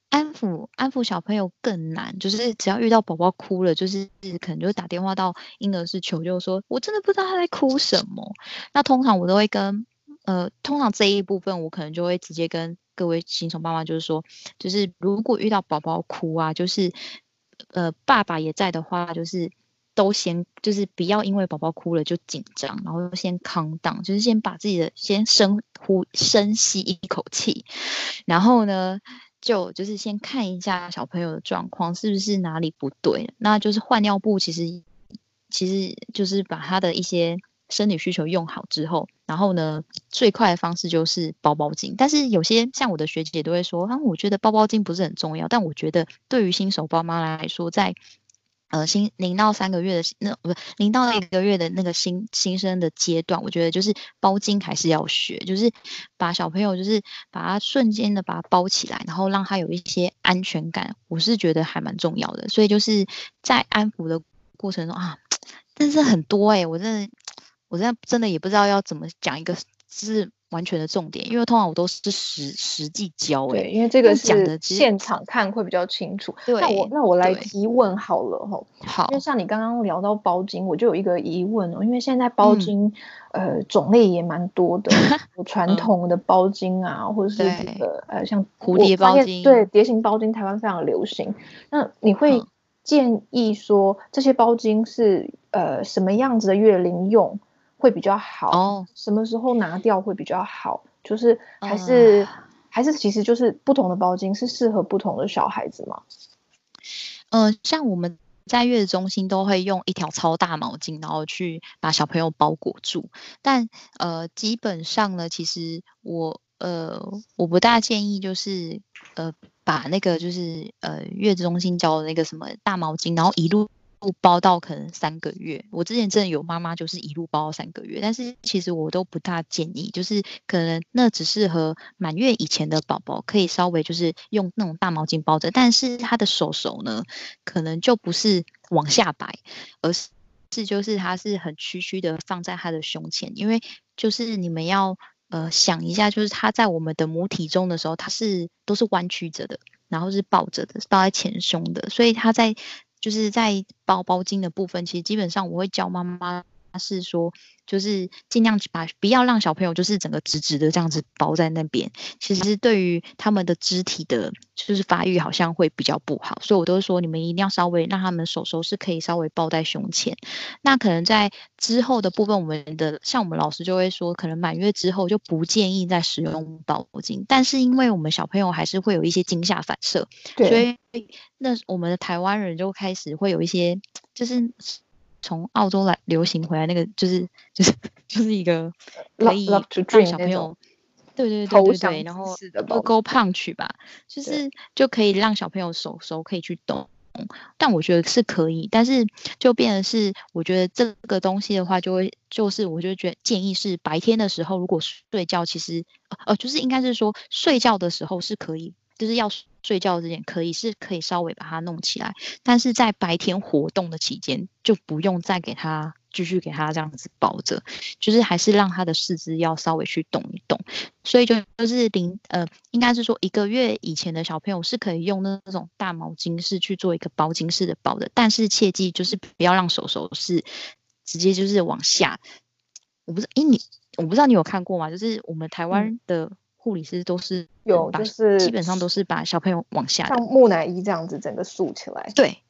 安撫安撫小朋友更難，就是只要遇到寶寶哭了，就是可能就打電話到嬰兒室求救說，說我真的不知道他在哭什麼。那通常我都會跟。呃，通常這一部分我可能就會直接跟各位新手媽媽就是說，就是如果遇到寶寶哭啊，就是呃爸爸也在的話，就是都先就是不要因為寶寶哭了就緊張，然後先 count down，就是先把自己的先深呼深吸一口氣，然後呢就就是先看一下小朋友的狀況是不是哪裡不對，那就是換尿布，其實其實就是把他的一些。生理需求用好之後，然後呢，最快的方式就是包包巾。但是有些像我的學姐都會說啊，我覺得包包巾不是很重要。但我覺得對於新手爸媽來說，在呃新零到三個月的那不零到一個月的那個新新生的階段，我覺得就是包巾還是要學，就是把小朋友就是把它瞬間的把它包起來，然後讓他有一些安全感。我是覺得還蠻重要的。所以就是在安撫的過程中啊，但是很多哎、欸，我真的。我現在真的也不知道要怎麼講，一個是完全的重點，因為通常我都是實實際教、欸、因為這個講的現場看會比較清楚。對，那我那我來提問好了齁。好，因為像你剛剛聊到包巾，我就有一個疑問哦、喔，好因為現在包巾、嗯、呃種類也蠻多的，有傳統的包巾啊， 或者是、這個對呃像蝴蝶包巾，對蝶形包巾，台灣非常流行。那你會建議說、嗯、這些包巾是呃什麼樣子的月齡用會比較好，哦、什麼時候拿掉會比較好？就是還是、嗯、還是其實就是不同的包巾是適合不同的小孩子嗎？嗯、呃，像我們在月子中心都會用一條超大毛巾，然後去把小朋友包裹住。但呃，基本上呢，其實我呃我不大建議就是呃把那個就是呃月子中心教的那個什麼大毛巾，然後一路。不包到可能三個月，我之前真的有媽媽就是一路包到三個月，但是其實我都不大建議，就是可能那只適合滿月以前的寶寶，可以稍微就是用那種大毛巾包着，但是他的手手呢，可能就不是往下擺，而是就是他是很屈曲的放在他的胸前，因為就是你們要呃想一下，就是他在我們的母體中的時候，他是都是彎曲着的，然後是抱着的，抱在前胸的，所以他在。就是在包包巾的部分，其實基本上我會教媽媽。他是說，就是儘量把不要讓小朋友就是整個直直的這樣子包在那邊，其實對於他們的肢體的，就是發育好像會比較不好，所以我都說，你們一定要稍微讓他們手手是可以稍微抱在胸前。那可能在之後的部分，我們的像我們老師就會說，可能滿月之後就不建議再使用包巾。但是因為我們小朋友還是會有一些驚嚇反射，對所以那我們的台灣人就開始會有一些就是。從澳洲來流行回來，那個就是就是就是一個可以讓小朋友，love, love to dream, 對對對對對，的然後不勾胖曲吧，就是就可以讓小朋友手手可以去動，但我覺得是可以，但是就變成是，我覺得這個東西的話，就會就是我就覺建議是白天的時候如果睡覺，其實呃就是應該是說睡覺的時候是可以。就是要睡覺之前可以是可以稍微把它弄起來，但是在白天活動的期間就不用再給他繼續給他這樣子包着，就是還是讓他的四肢要稍微去動一動。所以就就是零呃，應該是說一個月以前的小朋友是可以用那那種大毛巾式去做一個包巾式的包的，但是切記就是不要讓手手是直接就是往下。我不是哎，你我不知道你有看過嗎？就是我們台灣的、嗯。護理師都是有，就是基本上都是把小朋友往下，像木乃伊這樣子整個豎起來。對，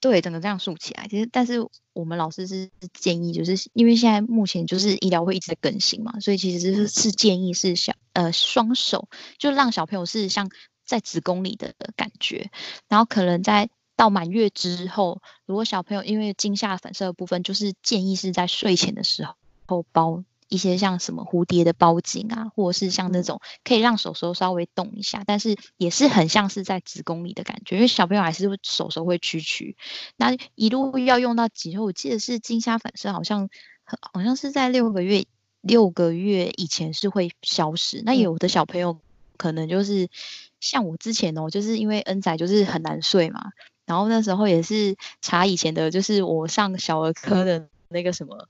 對，整個這樣豎起來。其實，但是我們老師是建議，就是因為現在目前就是醫療會一直在更新嘛，所以其實是是建議是小呃雙手就讓小朋友是像在子宮裡的感覺，然後可能在到滿月之後，如果小朋友因為驚嚇反射的部分，就是建議是在睡前的時候包。一些像什麼蝴蝶的包巾啊，或者是像那種可以讓手手稍微動一下，但是也是很像是在子宮裡的感覺，因為小朋友還是會手手會屈曲、曲。那一路要用到幾歲？我記得是驚嚇反射，好像好像是在六個月，六個月以前是會消失。那有的小朋友可能就是像我之前哦，就是因為恩仔就是很難睡嘛，然後那時候也是查以前的，就是我上小兒科的。那個什麼，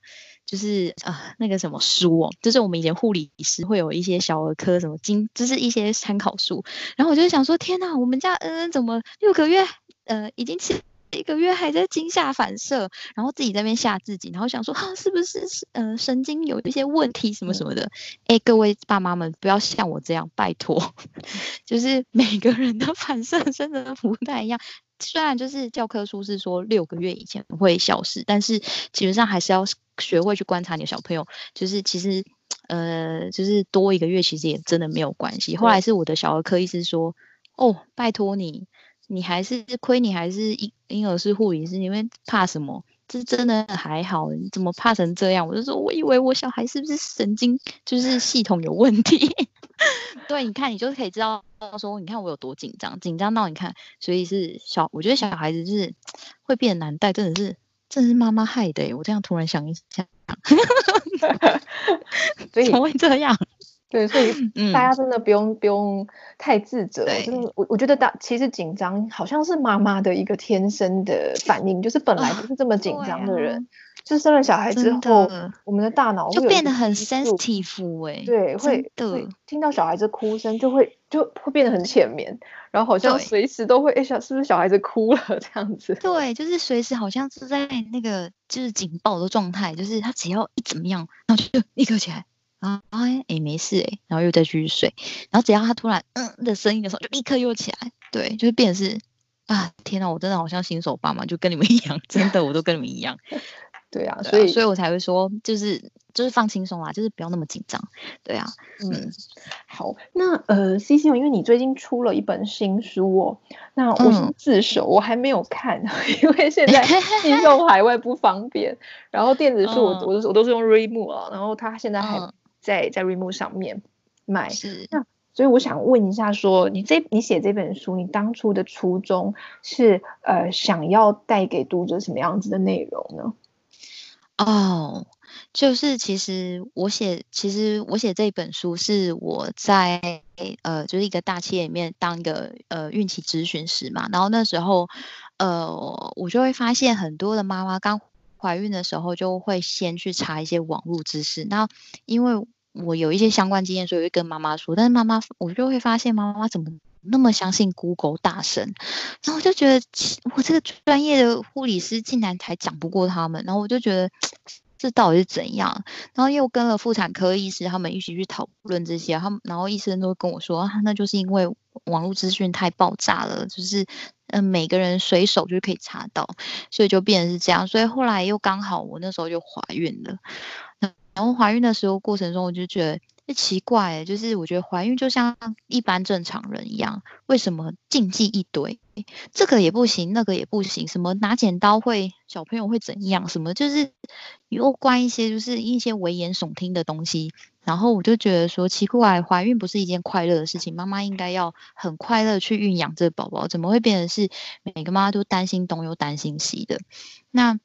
就是啊、呃，那個什麼書哦，就是我們以前護理師會有一些小兒科什麼經，就是一些參考書。然後我就想說，天哪，我們家恩恩、呃、怎麼六個月，呃，已經七一個月還在驚嚇反射，然後自己在那邊嚇自己，然後想說啊，是不是是呃神經有一些問題什麼什麼的？哎、嗯，各位爸媽們，不要像我這樣，拜托， 就是每個人的反射真的不太一樣。雖然就是教科書是說六個月以前會消失，但是基本上還是要學會去觀察你的小朋友。就是其實，呃，就是多一個月其實也真的沒有關係。後來是我的小兒科醫師說，哦，拜託你，你還是虧你還是嬰嬰兒室護理師，你因為怕什麼？這真的還好，你怎麼怕成這樣？我就說我以為我小孩是不是神經，就是系統有問題。 對，你看，你就是可以知道說，你看我有多緊張，緊張到你看，所以是小，我覺得小孩子就是會變難帶，真的是，真是媽媽害的。我這樣突然想一想， 怎麼會這樣？ 對，所以大家真的不用、嗯、不用太自責。對就是我我覺得，大，其實緊張好像是媽媽的一個天生的反應，就是本來不是這麼緊張的人，啊啊、就生了小孩之後，的我們的大腦就變得很 sensitive 哎、欸，對，的會對，會聽到小孩子哭聲就會就會變得很淺眠，然後好像隨時都會哎小對、欸、是不是小孩子哭了這樣子？對，就是隨時好像是在那個就是警報的狀態，就是他只要一怎麼樣，然後就立刻起來。啊哎哎、欸、沒事哎、欸，然後又再繼續睡，然後只要他突然嗯、呃、的聲音的時候，就立刻又起來。對，就是變成是啊，天哪、啊，我真的好像新手爸媽，就跟你們一樣，真的我都跟你們一樣。 對啊，對啊，所以所以我才會說，就是就是放輕鬆啦、啊，就是不要那麼緊張。對啊，嗯，是好，那呃 CC，因為你最近出了一本新書哦，那我是自首，嗯、我還沒有看，因為現在新書海外不方便。 然後電子書我、嗯、我都我都是用 Readmoo 啊，然後他現在還。嗯在在瑞木上面買，是那，所以我想問一下說，說你這你寫這本書，你當初的初衷是呃，想要帶給讀者什麼樣子的內容呢？哦，就是其實我寫，其實我寫這本書是我在呃，就是一個大企業裡面當一個呃孕期諮詢師嘛，然後那時候呃，我就會發現很多的媽媽剛懷孕的時候就會先去查一些網絡知識，那因為，我有一些相關經驗，所以會跟媽媽說，但是媽媽，我就會發現媽媽怎麼那麼相信 Google 大神，然後我就覺得我這個專業的護理師竟然還講不過他們，然後我就覺得這到底是怎樣？然後又跟了婦產科醫師他們一起去討論這些，他們然後醫生都會跟我說，啊，那就是因為網絡資訊太爆炸了，就是嗯，呃，每個人隨手就可以查到，所以就變成是這樣，所以後來又剛好我那時候就懷孕了。然後懷孕的時候過程中，我就覺得奇怪，就是我覺得懷孕就像一般正常人一樣，為什麼禁忌一堆，這個也不行，那個也不行，什麼拿剪刀會小朋友會怎樣，什麼就是又關一些就是一些危言聳聽的東西。然後我就覺得說奇怪，懷孕不是一件快樂的事情，媽媽應該要很快樂去孕養這個寶寶，怎麼會變成是每個媽媽都擔心東又擔心西的？那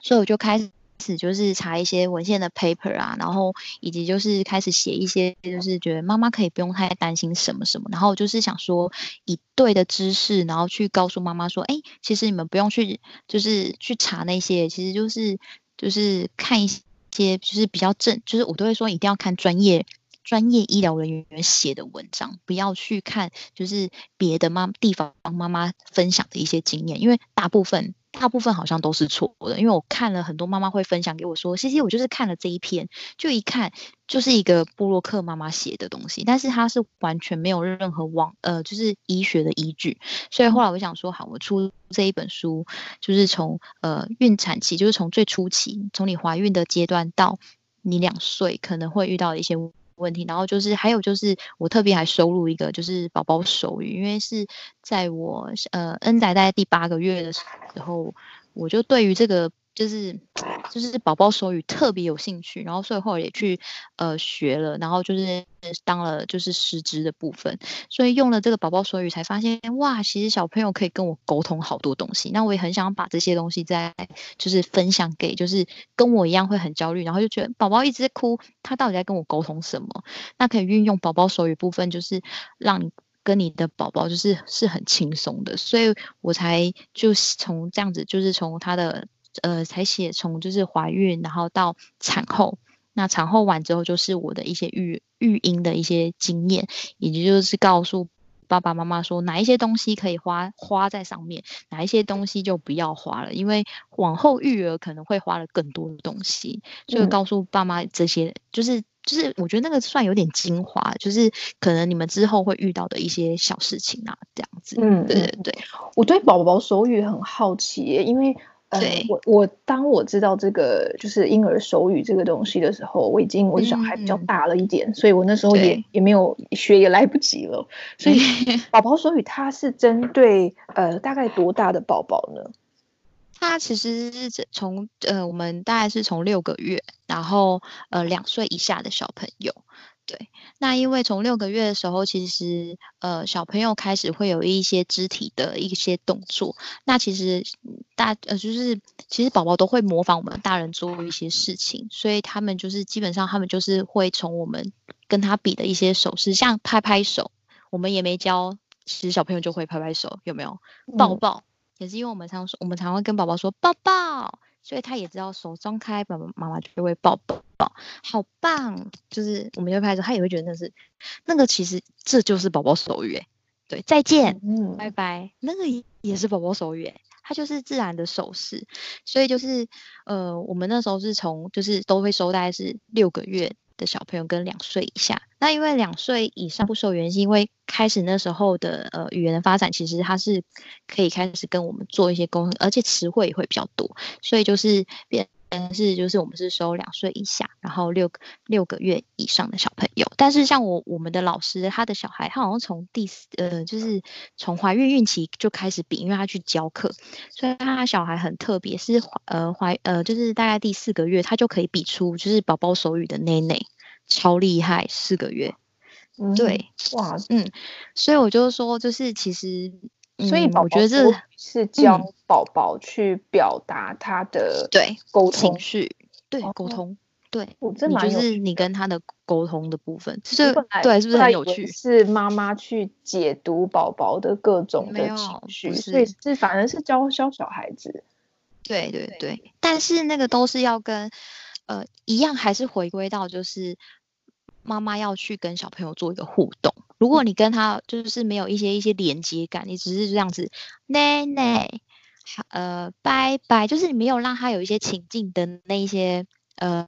所以我就開始。就是查一些文獻的 paper 啊，然後以及就是開始寫一些，就是覺得媽媽可以不用太擔心什麼什麼，然後就是想說，以對的知識，然後去告訴媽媽說，哎、欸，其實你們不用去，就是去查那些，其實就是就是看一些，就是比較正，就是我都會說一定要看專業專業醫療人員寫的文章，不要去看就是別的媽地方媽媽分享的一些經驗，因為大部分。大部分好像都是錯的，因為我看了很多媽媽會分享給我說，其實我就是看了這一篇，就一看就是一個部落客媽媽寫的東西，但是它是完全沒有任何網呃，就是醫學的依據，所以後來我想說，好，我出這一本書，就是從呃孕產期，就是從最初期，從你懷孕的階段到你兩歲可能會遇到的一些。問題，然後就是還有就是，我特別還收錄一個，就是寶寶手語，因為是在我呃恩仔在第八個月的時候，我就對於這個就是。就是寶寶手語特別有興趣，然後所以後來也去呃學了，然後就是當了就是師資的部分，所以用了這個寶寶手語才發現哇，其實小朋友可以跟我溝通好多東西，那我也很想把這些東西再就是分享給就是跟我一樣會很焦慮，然後就覺得寶寶一直哭，他到底在跟我溝通什麼？那可以運用寶寶手語部分，就是讓你跟你的寶寶就是是很輕鬆的，所以我才就從這樣子就是從他的。呃，才寫從就是懷孕，然後到產後，那產後完之後，就是我的一些育育嬰的一些經驗，以及就是告訴爸爸媽媽說哪一些東西可以花花在上面，哪一些東西就不要花了，因為往後育兒可能會花了更多的東西，嗯、所以告訴爸媽這些就是就是我覺得那個算有點精華，就是可能你們之後會遇到的一些小事情啊，這樣子，嗯，對對對，我對寶寶手語很好奇，因為。嗯、對，我我當我知道這個就是嬰兒手語這個東西的時候，我已經我小孩比較大了一點，嗯、所以我那時候也對也沒有學，也來不及了。所以寶寶以手語它是針對呃大概多大的寶寶呢？它其實是從呃我們大概是從六個月，然後呃兩歲以下的小朋友。對，那因為從六個月的時候，其實呃小朋友開始會有一些肢體的一些動作。那其實大呃就是其實寶寶都會模仿我們的大人做一些事情，所以他們就是基本上他們就是會從我們跟他比的一些手勢，像拍拍手，我們也沒教，其實小朋友就會拍拍手，有沒有？抱抱、嗯、也是因為我們常說我們常會跟寶寶說抱抱。所以他也知道手張開，爸爸媽媽就會抱抱抱，好棒！就是我們就拍着，他也會覺得那是那個，其實這就是寶寶手語哎，對，再見，嗯，拜拜，那個也也是寶寶手語哎，它就是自然的手勢。所以就是呃，我們那時候是從就是都會收，大概是六個月的小朋友跟兩歲以下，那因為兩歲以上不收，原因是因為開始那時候的呃，語言的發展，其實他是可以開始跟我們做一些溝通，而且詞彙也會比較多，所以就是變。但是就是我們是收兩歲以下，然後六六個月以上的小朋友。但是像我我們的老師，他的小孩他好像從第四呃，就是從懷孕孕期就開始比，因為他去教課，所以他小孩很特別，是呃懷呃就是大概第四個月，他就可以比出就是寶寶手語的內內超厲害，四個月。嗯、對，哇，嗯，所以我就是說，就是其實。所以寶寶寶寶、嗯、我覺得這是教寶寶去表達他的對溝通情緒，對溝通，對我、哦、就是你跟他的溝通的部分，就是媽媽寶寶對，是不是很有趣？是媽媽去解讀寶寶的各種的情緒，是是反而是教教小孩子，對對對，但是那個都是要跟呃一樣，還是回歸到就是。媽媽要去跟小朋友做一個互動。如果你跟他就是沒有一些一些連接感，你只是這樣子，奶奶、嗯，呃，拜拜，就是你沒有讓他有一些情境的那一些呃，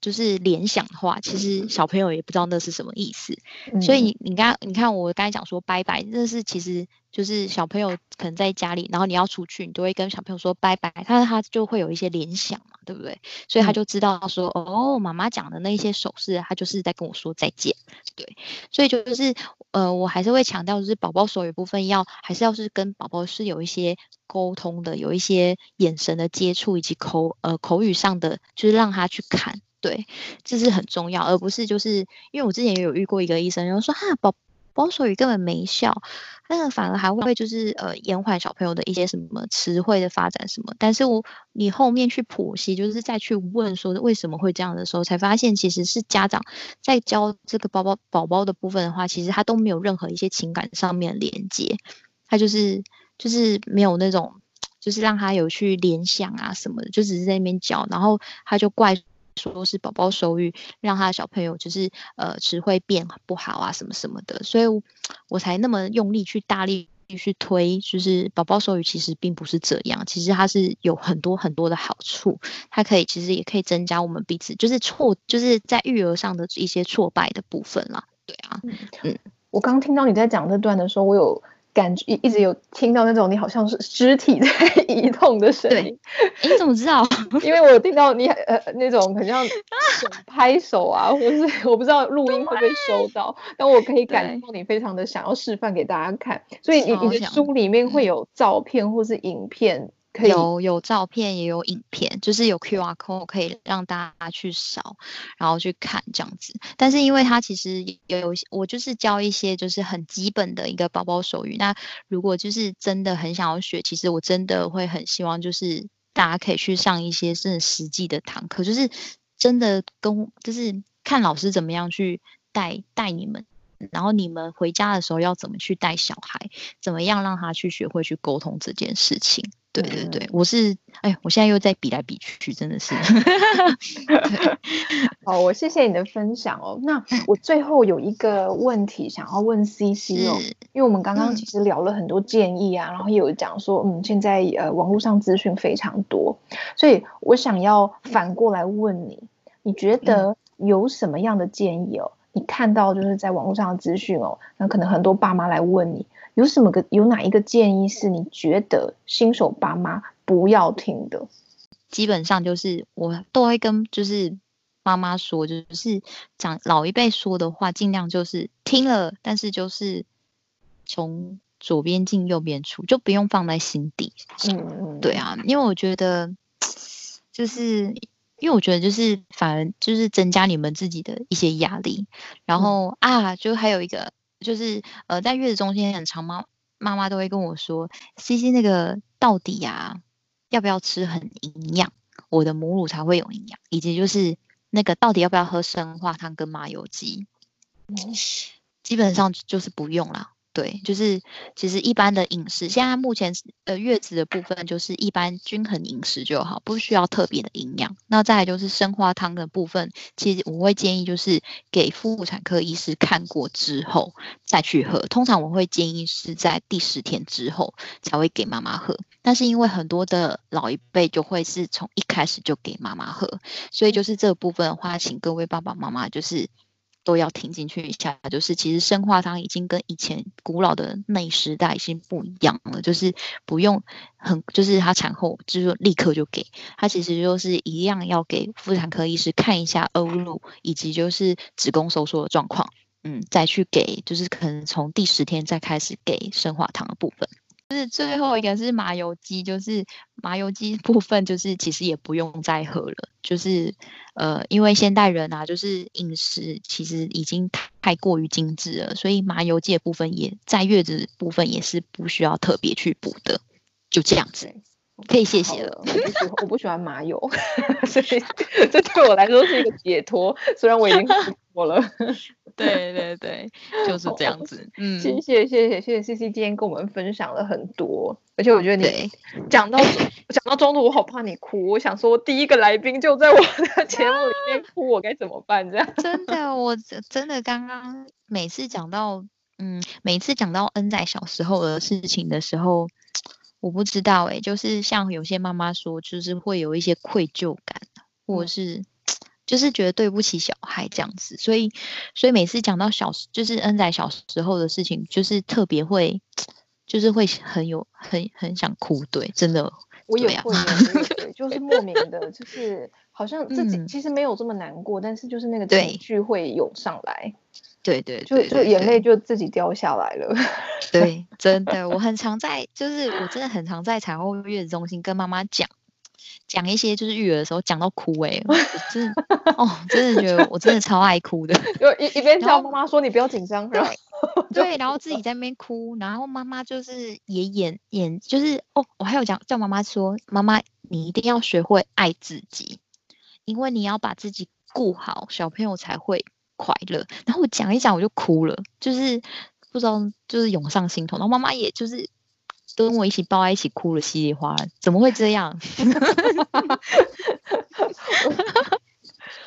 就是聯想的話，其實小朋友也不知道那是什麼意思。嗯、所以你你剛你看我剛才講說拜拜，那是其實就是小朋友可能在家裡，然後你要出去，你都會跟小朋友說拜拜，他他就會有一些聯想。對不對？所以他就知道說，哦，媽媽講的那些手勢，他就是在跟我說再見。對，所以就是呃，我還是會強調，就是寶寶手語部分要還是要是跟寶寶是有一些溝通的，有一些眼神的接觸，以及口呃口語上的，就是讓他去看，對，這是很重要，而不是就是因為我之前也有遇過一個醫生，然後說哈、啊、寶寶。寶寶手語根本沒效，那個反而還會就是呃延緩小朋友的一些什麼詞彙的發展什麼。但是我你後面去剖析，就是再去問說為什麼會這樣的時候，才發現其實是家長在教這個寶寶，寶寶的部分的話，其實他都沒有任何一些情感上面連接，他就是就是沒有那種就是讓他有去聯想啊什麼的，就只是在那邊教，然後他就怪。說是寶寶手語，讓他的小朋友就是呃詞彙變不好啊，什麼什麼的，所以我，我才那麼用力去大力去推，就是寶寶手語其實並不是這樣，其實它是有很多很多的好處，它可以其實也可以增加我們彼此就是挫，就是在育兒上的一些挫敗的部分啦。對啊，嗯，嗯，我剛聽到你在講這段的時候，我有。感覺一一直有聽到那種你好像是肢體在移動的聲音。對，你怎麼知道？因為我聽到你呃那種好像手拍手啊， 或是我不知道錄音會不會收到，對但我可以感受到你非常的想要示範給大家看，所以你你的書裡面會有照片或是影片。有有照片，也有影片，就是有 QR code 可以讓大家去掃，然後去看這樣子。但是因為他其實有些，我就是教一些就是很基本的一個寶寶手語。那如果就是真的很想要學，其實我真的會很希望就是大家可以去上一些是實際的堂課，就是真的跟就是看老師怎麼樣去帶帶你們，然後你們回家的時候要怎麼去帶小孩，怎麼樣讓他去學會去溝通這件事情。對對對，我是哎，我現在又在比來比去，真的是。 對好，我謝謝你的分享哦。那我最後有一個問題想要問 CC 哦，是因為我們剛剛其實聊了很多建議啊，嗯、然後也有講說嗯，現在呃網絡上資訊非常多，所以我想要反過來問你，你覺得有什麼樣的建議哦？嗯、你看到就是在網絡上的資訊哦，那可能很多爸媽來問你。有什麼個有哪一個建議是你覺得新手爸媽不要聽的？基本上就是我都會跟就是媽媽說，就是講老一輩說的話，盡量就是聽了，但是就是從左邊進右邊出，就不用放在心底。嗯，嗯，嗯。對啊，因為我覺得，就是因為我覺得，就是反而就是增加你們自己的一些壓力。然後啊，嗯、就還有一個。就是呃，在月子中心很常，媽媽媽都會跟我說，cc 那個到底呀、啊，要不要吃很營養？我的母乳才會有營養，以及就是那個到底要不要喝生化湯跟麻油雞？基本上就是不用啦。對，就是其實一般的飲食，現在目前呃月子的部分，就是一般均衡飲食就好，不需要特別的營養。那再來就是生化湯的部分，其實我會建議就是給婦產科醫師看過之後再去喝。通常我會建議是在第十天之後才會給媽媽喝，但是因為很多的老一輩就會是從一開始就給媽媽喝，所以就是這個部分的話，請各位爸爸媽媽就是。都要聽進去一下，就是其實生化湯已經跟以前古老的那時代已經不一樣了，就是不用很，就是她產後就是立刻就給她，它其實就是一樣要給婦產科醫師看一下惡露以及就是子宮收縮的狀況，嗯，再去給就是可能從第十天再開始給生化湯的部分。就是最後一個是麻油雞，就是麻油雞部分，就是其實也不用再喝了。就是，呃，因為現代人吶、啊，就是飲食其實已經太過於精致了，所以麻油雞的部分也在月子部分也是不需要特別去補的。就這樣子，可以謝謝了。好了，我不喜歡，我不喜歡麻油， 所以這對我來說是一個解脫。雖然我已經。 我了，對對對， 就是這樣子。我嗯，謝謝，謝謝謝謝謝謝 cc 今天跟我們分享了很多，而且我覺得你對講到，欸，講到中途，我好怕你哭。 我想說，我第一個來賓就在我的節目裡面哭，啊、我該怎麼辦？這樣真的，我真的剛剛每次講到，嗯，每次講到恩仔小時候的事情的時候，我不知道誒、欸，就是像有些媽媽說，就是會有一些愧疚感，或者是，嗯。就是覺得對不起小孩這樣子，所以，所以每次講到小時，就是恩仔小時候的事情，就是特別會，就是會很有很很想哭，對，真的，對啊，我也會對，就是莫名的， 就是好像自己， 嗯、其實沒有這麼難過，但是就是那個情緒會湧上來，對對，對，對，對對，就就眼淚就自己掉下來了， 對，真的，我很常在，就是我真的很常在產後月子中心跟媽媽講。講一些就是育兒的時候講到哭，哎、欸，真、就、的、是、哦，真的覺得我真的超愛哭的。就 一一邊叫媽媽後說，你不要緊張，對，然後自己在那邊哭，然後媽媽就是也演演就是哦，我還有講叫媽媽說，媽媽你一定要學會愛自己，因為你要把自己顧好，小朋友才會快樂。然後我講一講我就哭了，就是不知道就是湧上心頭，然後媽媽也就是。都跟我一起抱在一起，哭了稀里嘩啦。怎麼會這樣？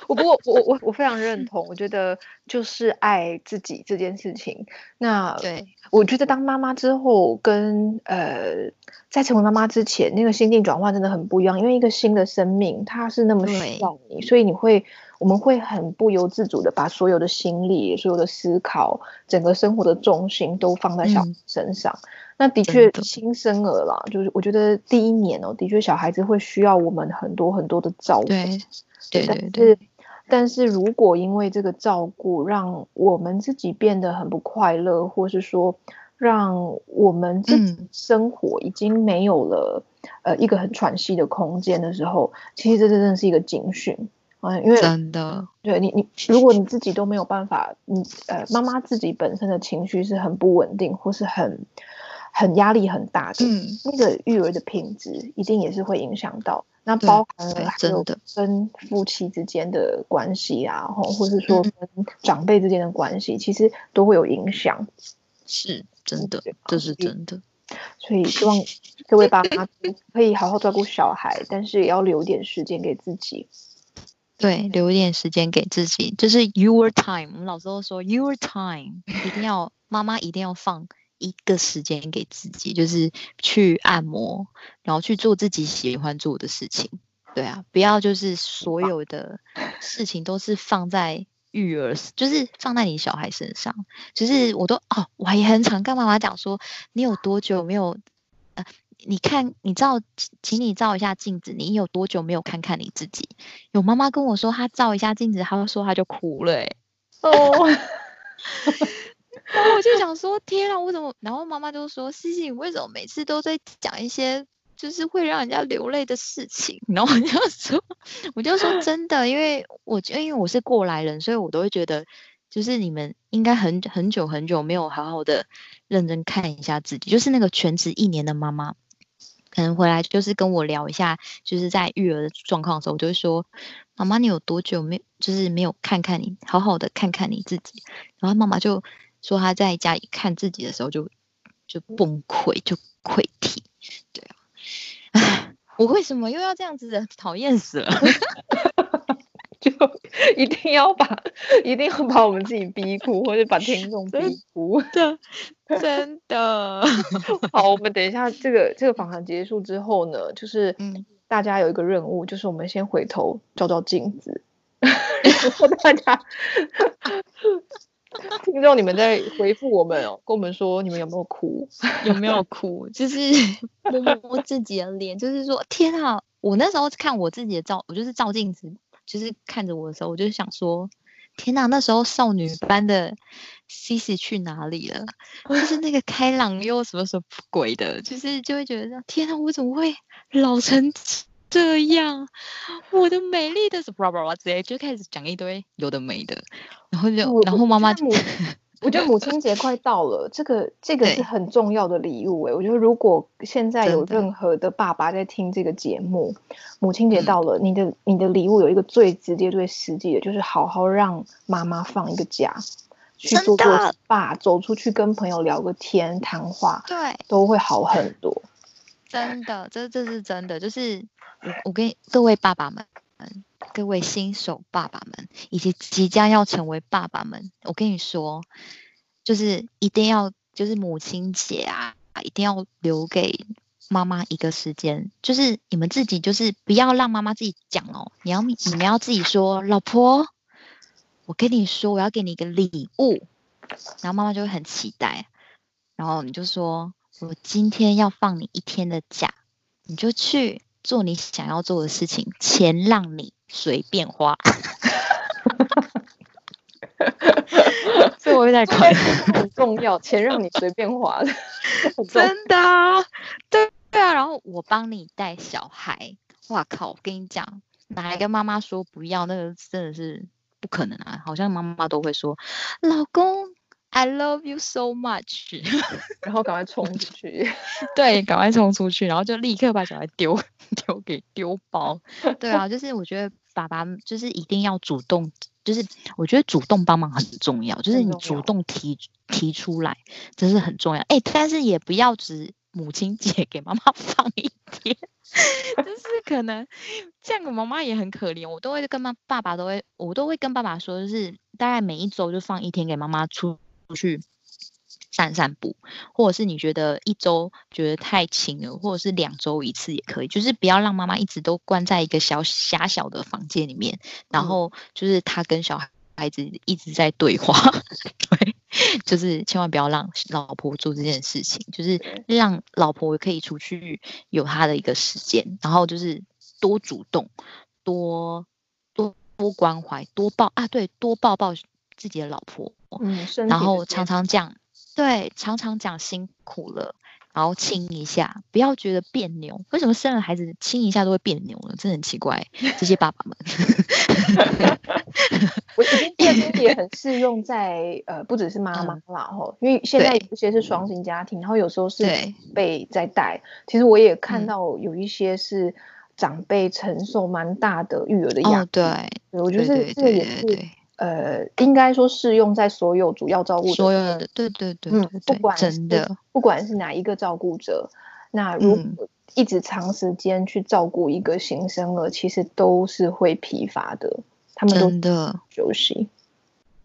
我不過我我我非常認同，我覺得就是愛自己這件事情。那對，我覺得當媽媽之後跟呃，在成為媽媽之前，那個心境轉換真的很不一樣，因為一個新的生命，它是那麼需要你，對所以你會，我們會很不由自主的把所有的心力、所有的思考、整個生活的重心都放在小孩身上。嗯那的確，的新生兒啦，就是我覺得第一年哦、喔，的確小孩子會需要我們很多很多的照顧，對，對對對，對但是，但是如果因為這個照顧，讓我們自己變得很不快樂，或是說，讓我們自己生活已經沒有了、嗯、呃一個很喘息的空間的時候，其實這真的是一個警訊啊、呃，因為真的，對你你，如果你自己都沒有辦法，你呃媽媽自己本身的情緒是很不穩定，或是很。很壓力很大的，嗯，那個育兒的品質一定也是會影響到，嗯、那包含了真的跟夫妻之間的關係啊，或、嗯、或是說跟長輩之間的關係，嗯、其實都會有影響。是真的，吧這是真的。所以希望各位爸媽可以好好照顧小孩， 但是也要留一點時間給自己。對，對留一點時間給自己，就是 your time。我們老師都說 your time，一定要媽媽一定要放。一個時間給自己，就是去按摩，然後去做自己喜歡做的事情。對啊，不要就是所有的事情都是放在育兒，就是放在你小孩身上。就是我都哦，我還很常跟媽媽講說，你有多久沒有？呃，你看，你照，請你照一下鏡子，你有多久沒有看看你自己？有媽媽跟我說，她照一下鏡子，她說她就哭了欸。哦。Oh. 然後我就想說，天啊，我怎麼？然後媽媽就說：“cc，你為什麼每次都在講一些就是會讓人家流淚的事情？”然後我就說：“我就說真的，因為我就因為我是過來人，所以我都會覺得，就是你們應該很很久很久沒有好好的認真看一下自己。就是那個全職一年的媽媽，可能回來就是跟我聊一下，就是在育兒的狀況的時候，我就會說：‘媽媽，你有多久沒有就是沒有看看你好好的看看你自己？’然後媽媽就。”說他在家一看自己的時候就就崩潰就潰堤，對啊， 我為什麼又要這樣子？討厭死了！ 就一定要把一定要把我們自己逼哭， 或者把聽眾逼哭，真，真的。 好，我們等一下這個這個訪談結束之後呢，就是大家有一個任務，就是我們先回頭照照鏡子， 然後大家。 聽眾，你們在回復我們哦，跟我們說你們有沒有哭？有沒有哭？ 就是摸摸自己的臉， 就是說天啊！我那時候看我自己的照，我就是照鏡子，就是看着我的時候，我就是想說天哪、啊！那時候少女般的 cc 去哪裡了？就是那個開朗又什麼什麼鬼的，就是就會覺得說天哪、啊！我怎麼會老成這樣？我的美麗的是麼什我直接就開始講一堆有的沒的。然後就，我然後媽媽就，我覺, 我覺得母親節快到了，這個這個是很重要的禮物哎、欸。我覺得如果現在有任何的爸爸在聽這個節目，的母親節到了，你的你的禮物有一個最直接、最實際的，就是好好讓媽媽放一個假，的去做做 SPA，走出去跟朋友聊個天、談話，對，都會好很多。真的，這這是真的，就是我我跟各位爸爸們。各位新手爸爸們以及即將要成為爸爸們，我跟你說，就是一定要，就是母親節啊，一定要留給媽媽一個時間，就是你們自己，就是不要讓媽媽自己講哦，你要你們要自己說，老婆，我跟你說，我要給你一個禮物，然後媽媽就會很期待，然後你就說，我今天要放你一天的假，你就去做你想要做的事情，錢讓你隨便花，所以我有點講很重要，錢讓你隨便花，真的啊，對對啊。然後我幫你帶小孩，哇靠！我跟你講，哪一個媽媽說不要，那個真的是不可能啊，好像媽媽都會說，老公，I love you so much， 然後趕快衝出去， 對，趕快衝出去，然後就立刻把小孩丟丟給丟包。 對啊，就是我覺得爸爸就是一定要主動，就是我覺得主動幫忙很重要，就是你主動提提出來，這是很重要。哎，但是也不要只母親節給媽媽放一天， 就是可能這樣，我媽媽也很可憐，我都會跟媽爸爸都會，我都會跟爸爸說，就是大概每一周就放一天給媽媽出。出去散散步，或者是你覺得一周覺得太勤了，或者是兩周一次也可以，就是不要讓媽媽一直都關在一個小狹小的房間裡面，然後就是他跟小孩子一直在對話，對，就是千萬不要讓老婆做這件事情，就是讓老婆可以出去有他的一個時間，然後就是多主動，多多多關懷，多抱啊，對，多抱抱自己的老婆。嗯，然後常常講，對，常常講辛苦了，然後親一下，不要覺得別扭。為什麼生了孩子親一下都會別扭了？真的很奇怪，這些爸爸們。我覺得這也很適用在呃，不只是媽媽啦，後、嗯、因為現在有些是雙親家庭，嗯、然後有時候是被在帶。對其實我也看到有一些是長輩承受蠻大的育兒的壓力，哦。對，我覺得這也是。對對對對對對呃，應該說適用在所有主要照顧者，所有的，對對對，嗯，不管，對，真的，不管是哪一個照顧者，那如果一直長時間去照顧一個新生兒，嗯，其實都是會疲乏的，他們都休息，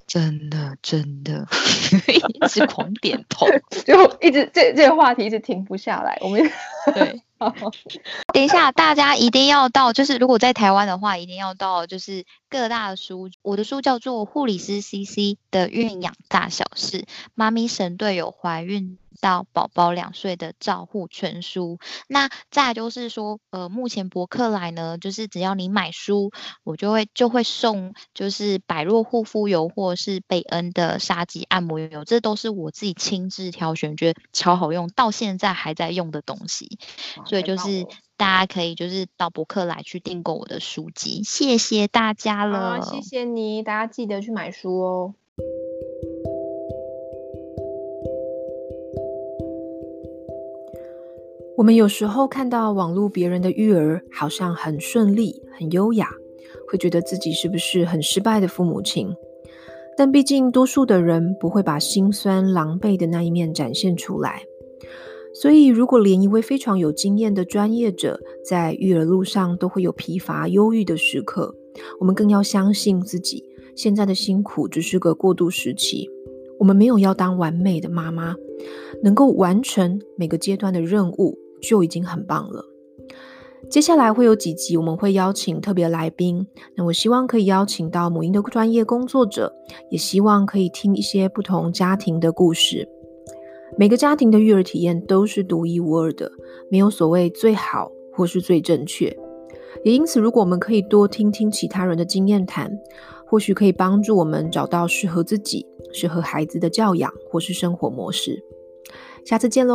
真的真的，真的真的 一直狂點頭， 就一直這這個話題一直停不下來，我們 對。 等一下，大家一定要到，就是如果在台灣的話，一定要到就是各大書，我的書叫做《護理師 CC 的孕養大小事》，媽咪神隊友懷孕。到寶寶兩歲的照護全書，那再就是說，呃，目前博客來呢，就是只要你買書，我就會就會送，就是百洛護膚油或是貝恩的沙棘按摩油，這都是我自己親自挑選，覺得超好用，到現在還在用的東西。哇所以就是大家可以就是到博客來去訂購我的書籍，謝謝大家了，啊、謝謝你，大家記得去買書哦。我們有時候看到網路別人的育兒好像很順利、很優雅，會覺得自己是不是很失敗的父母親？但畢竟多數的人不會把辛酸、狼狽的那一面展現出來。所以，如果連一位非常有經驗的專業者在育兒路上都會有疲乏、憂鬱的時刻，我們更要相信自己現在的辛苦只是個過渡時期。我們沒有要當完美的媽媽，能夠完成每個階段的任務，就已經很棒了。接下來會有幾集，我們會邀請特別來賓。那我希望可以邀請到母嬰的專業工作者，也希望可以聽一些不同家庭的故事。每個家庭的育兒體驗都是獨一無二的，沒有所謂最好或是最正確。也因此，如果我們可以多聽聽其他人的經驗談，或許可以幫助我們找到適合自己、適合孩子的教養或是生活模式。下次見嘍！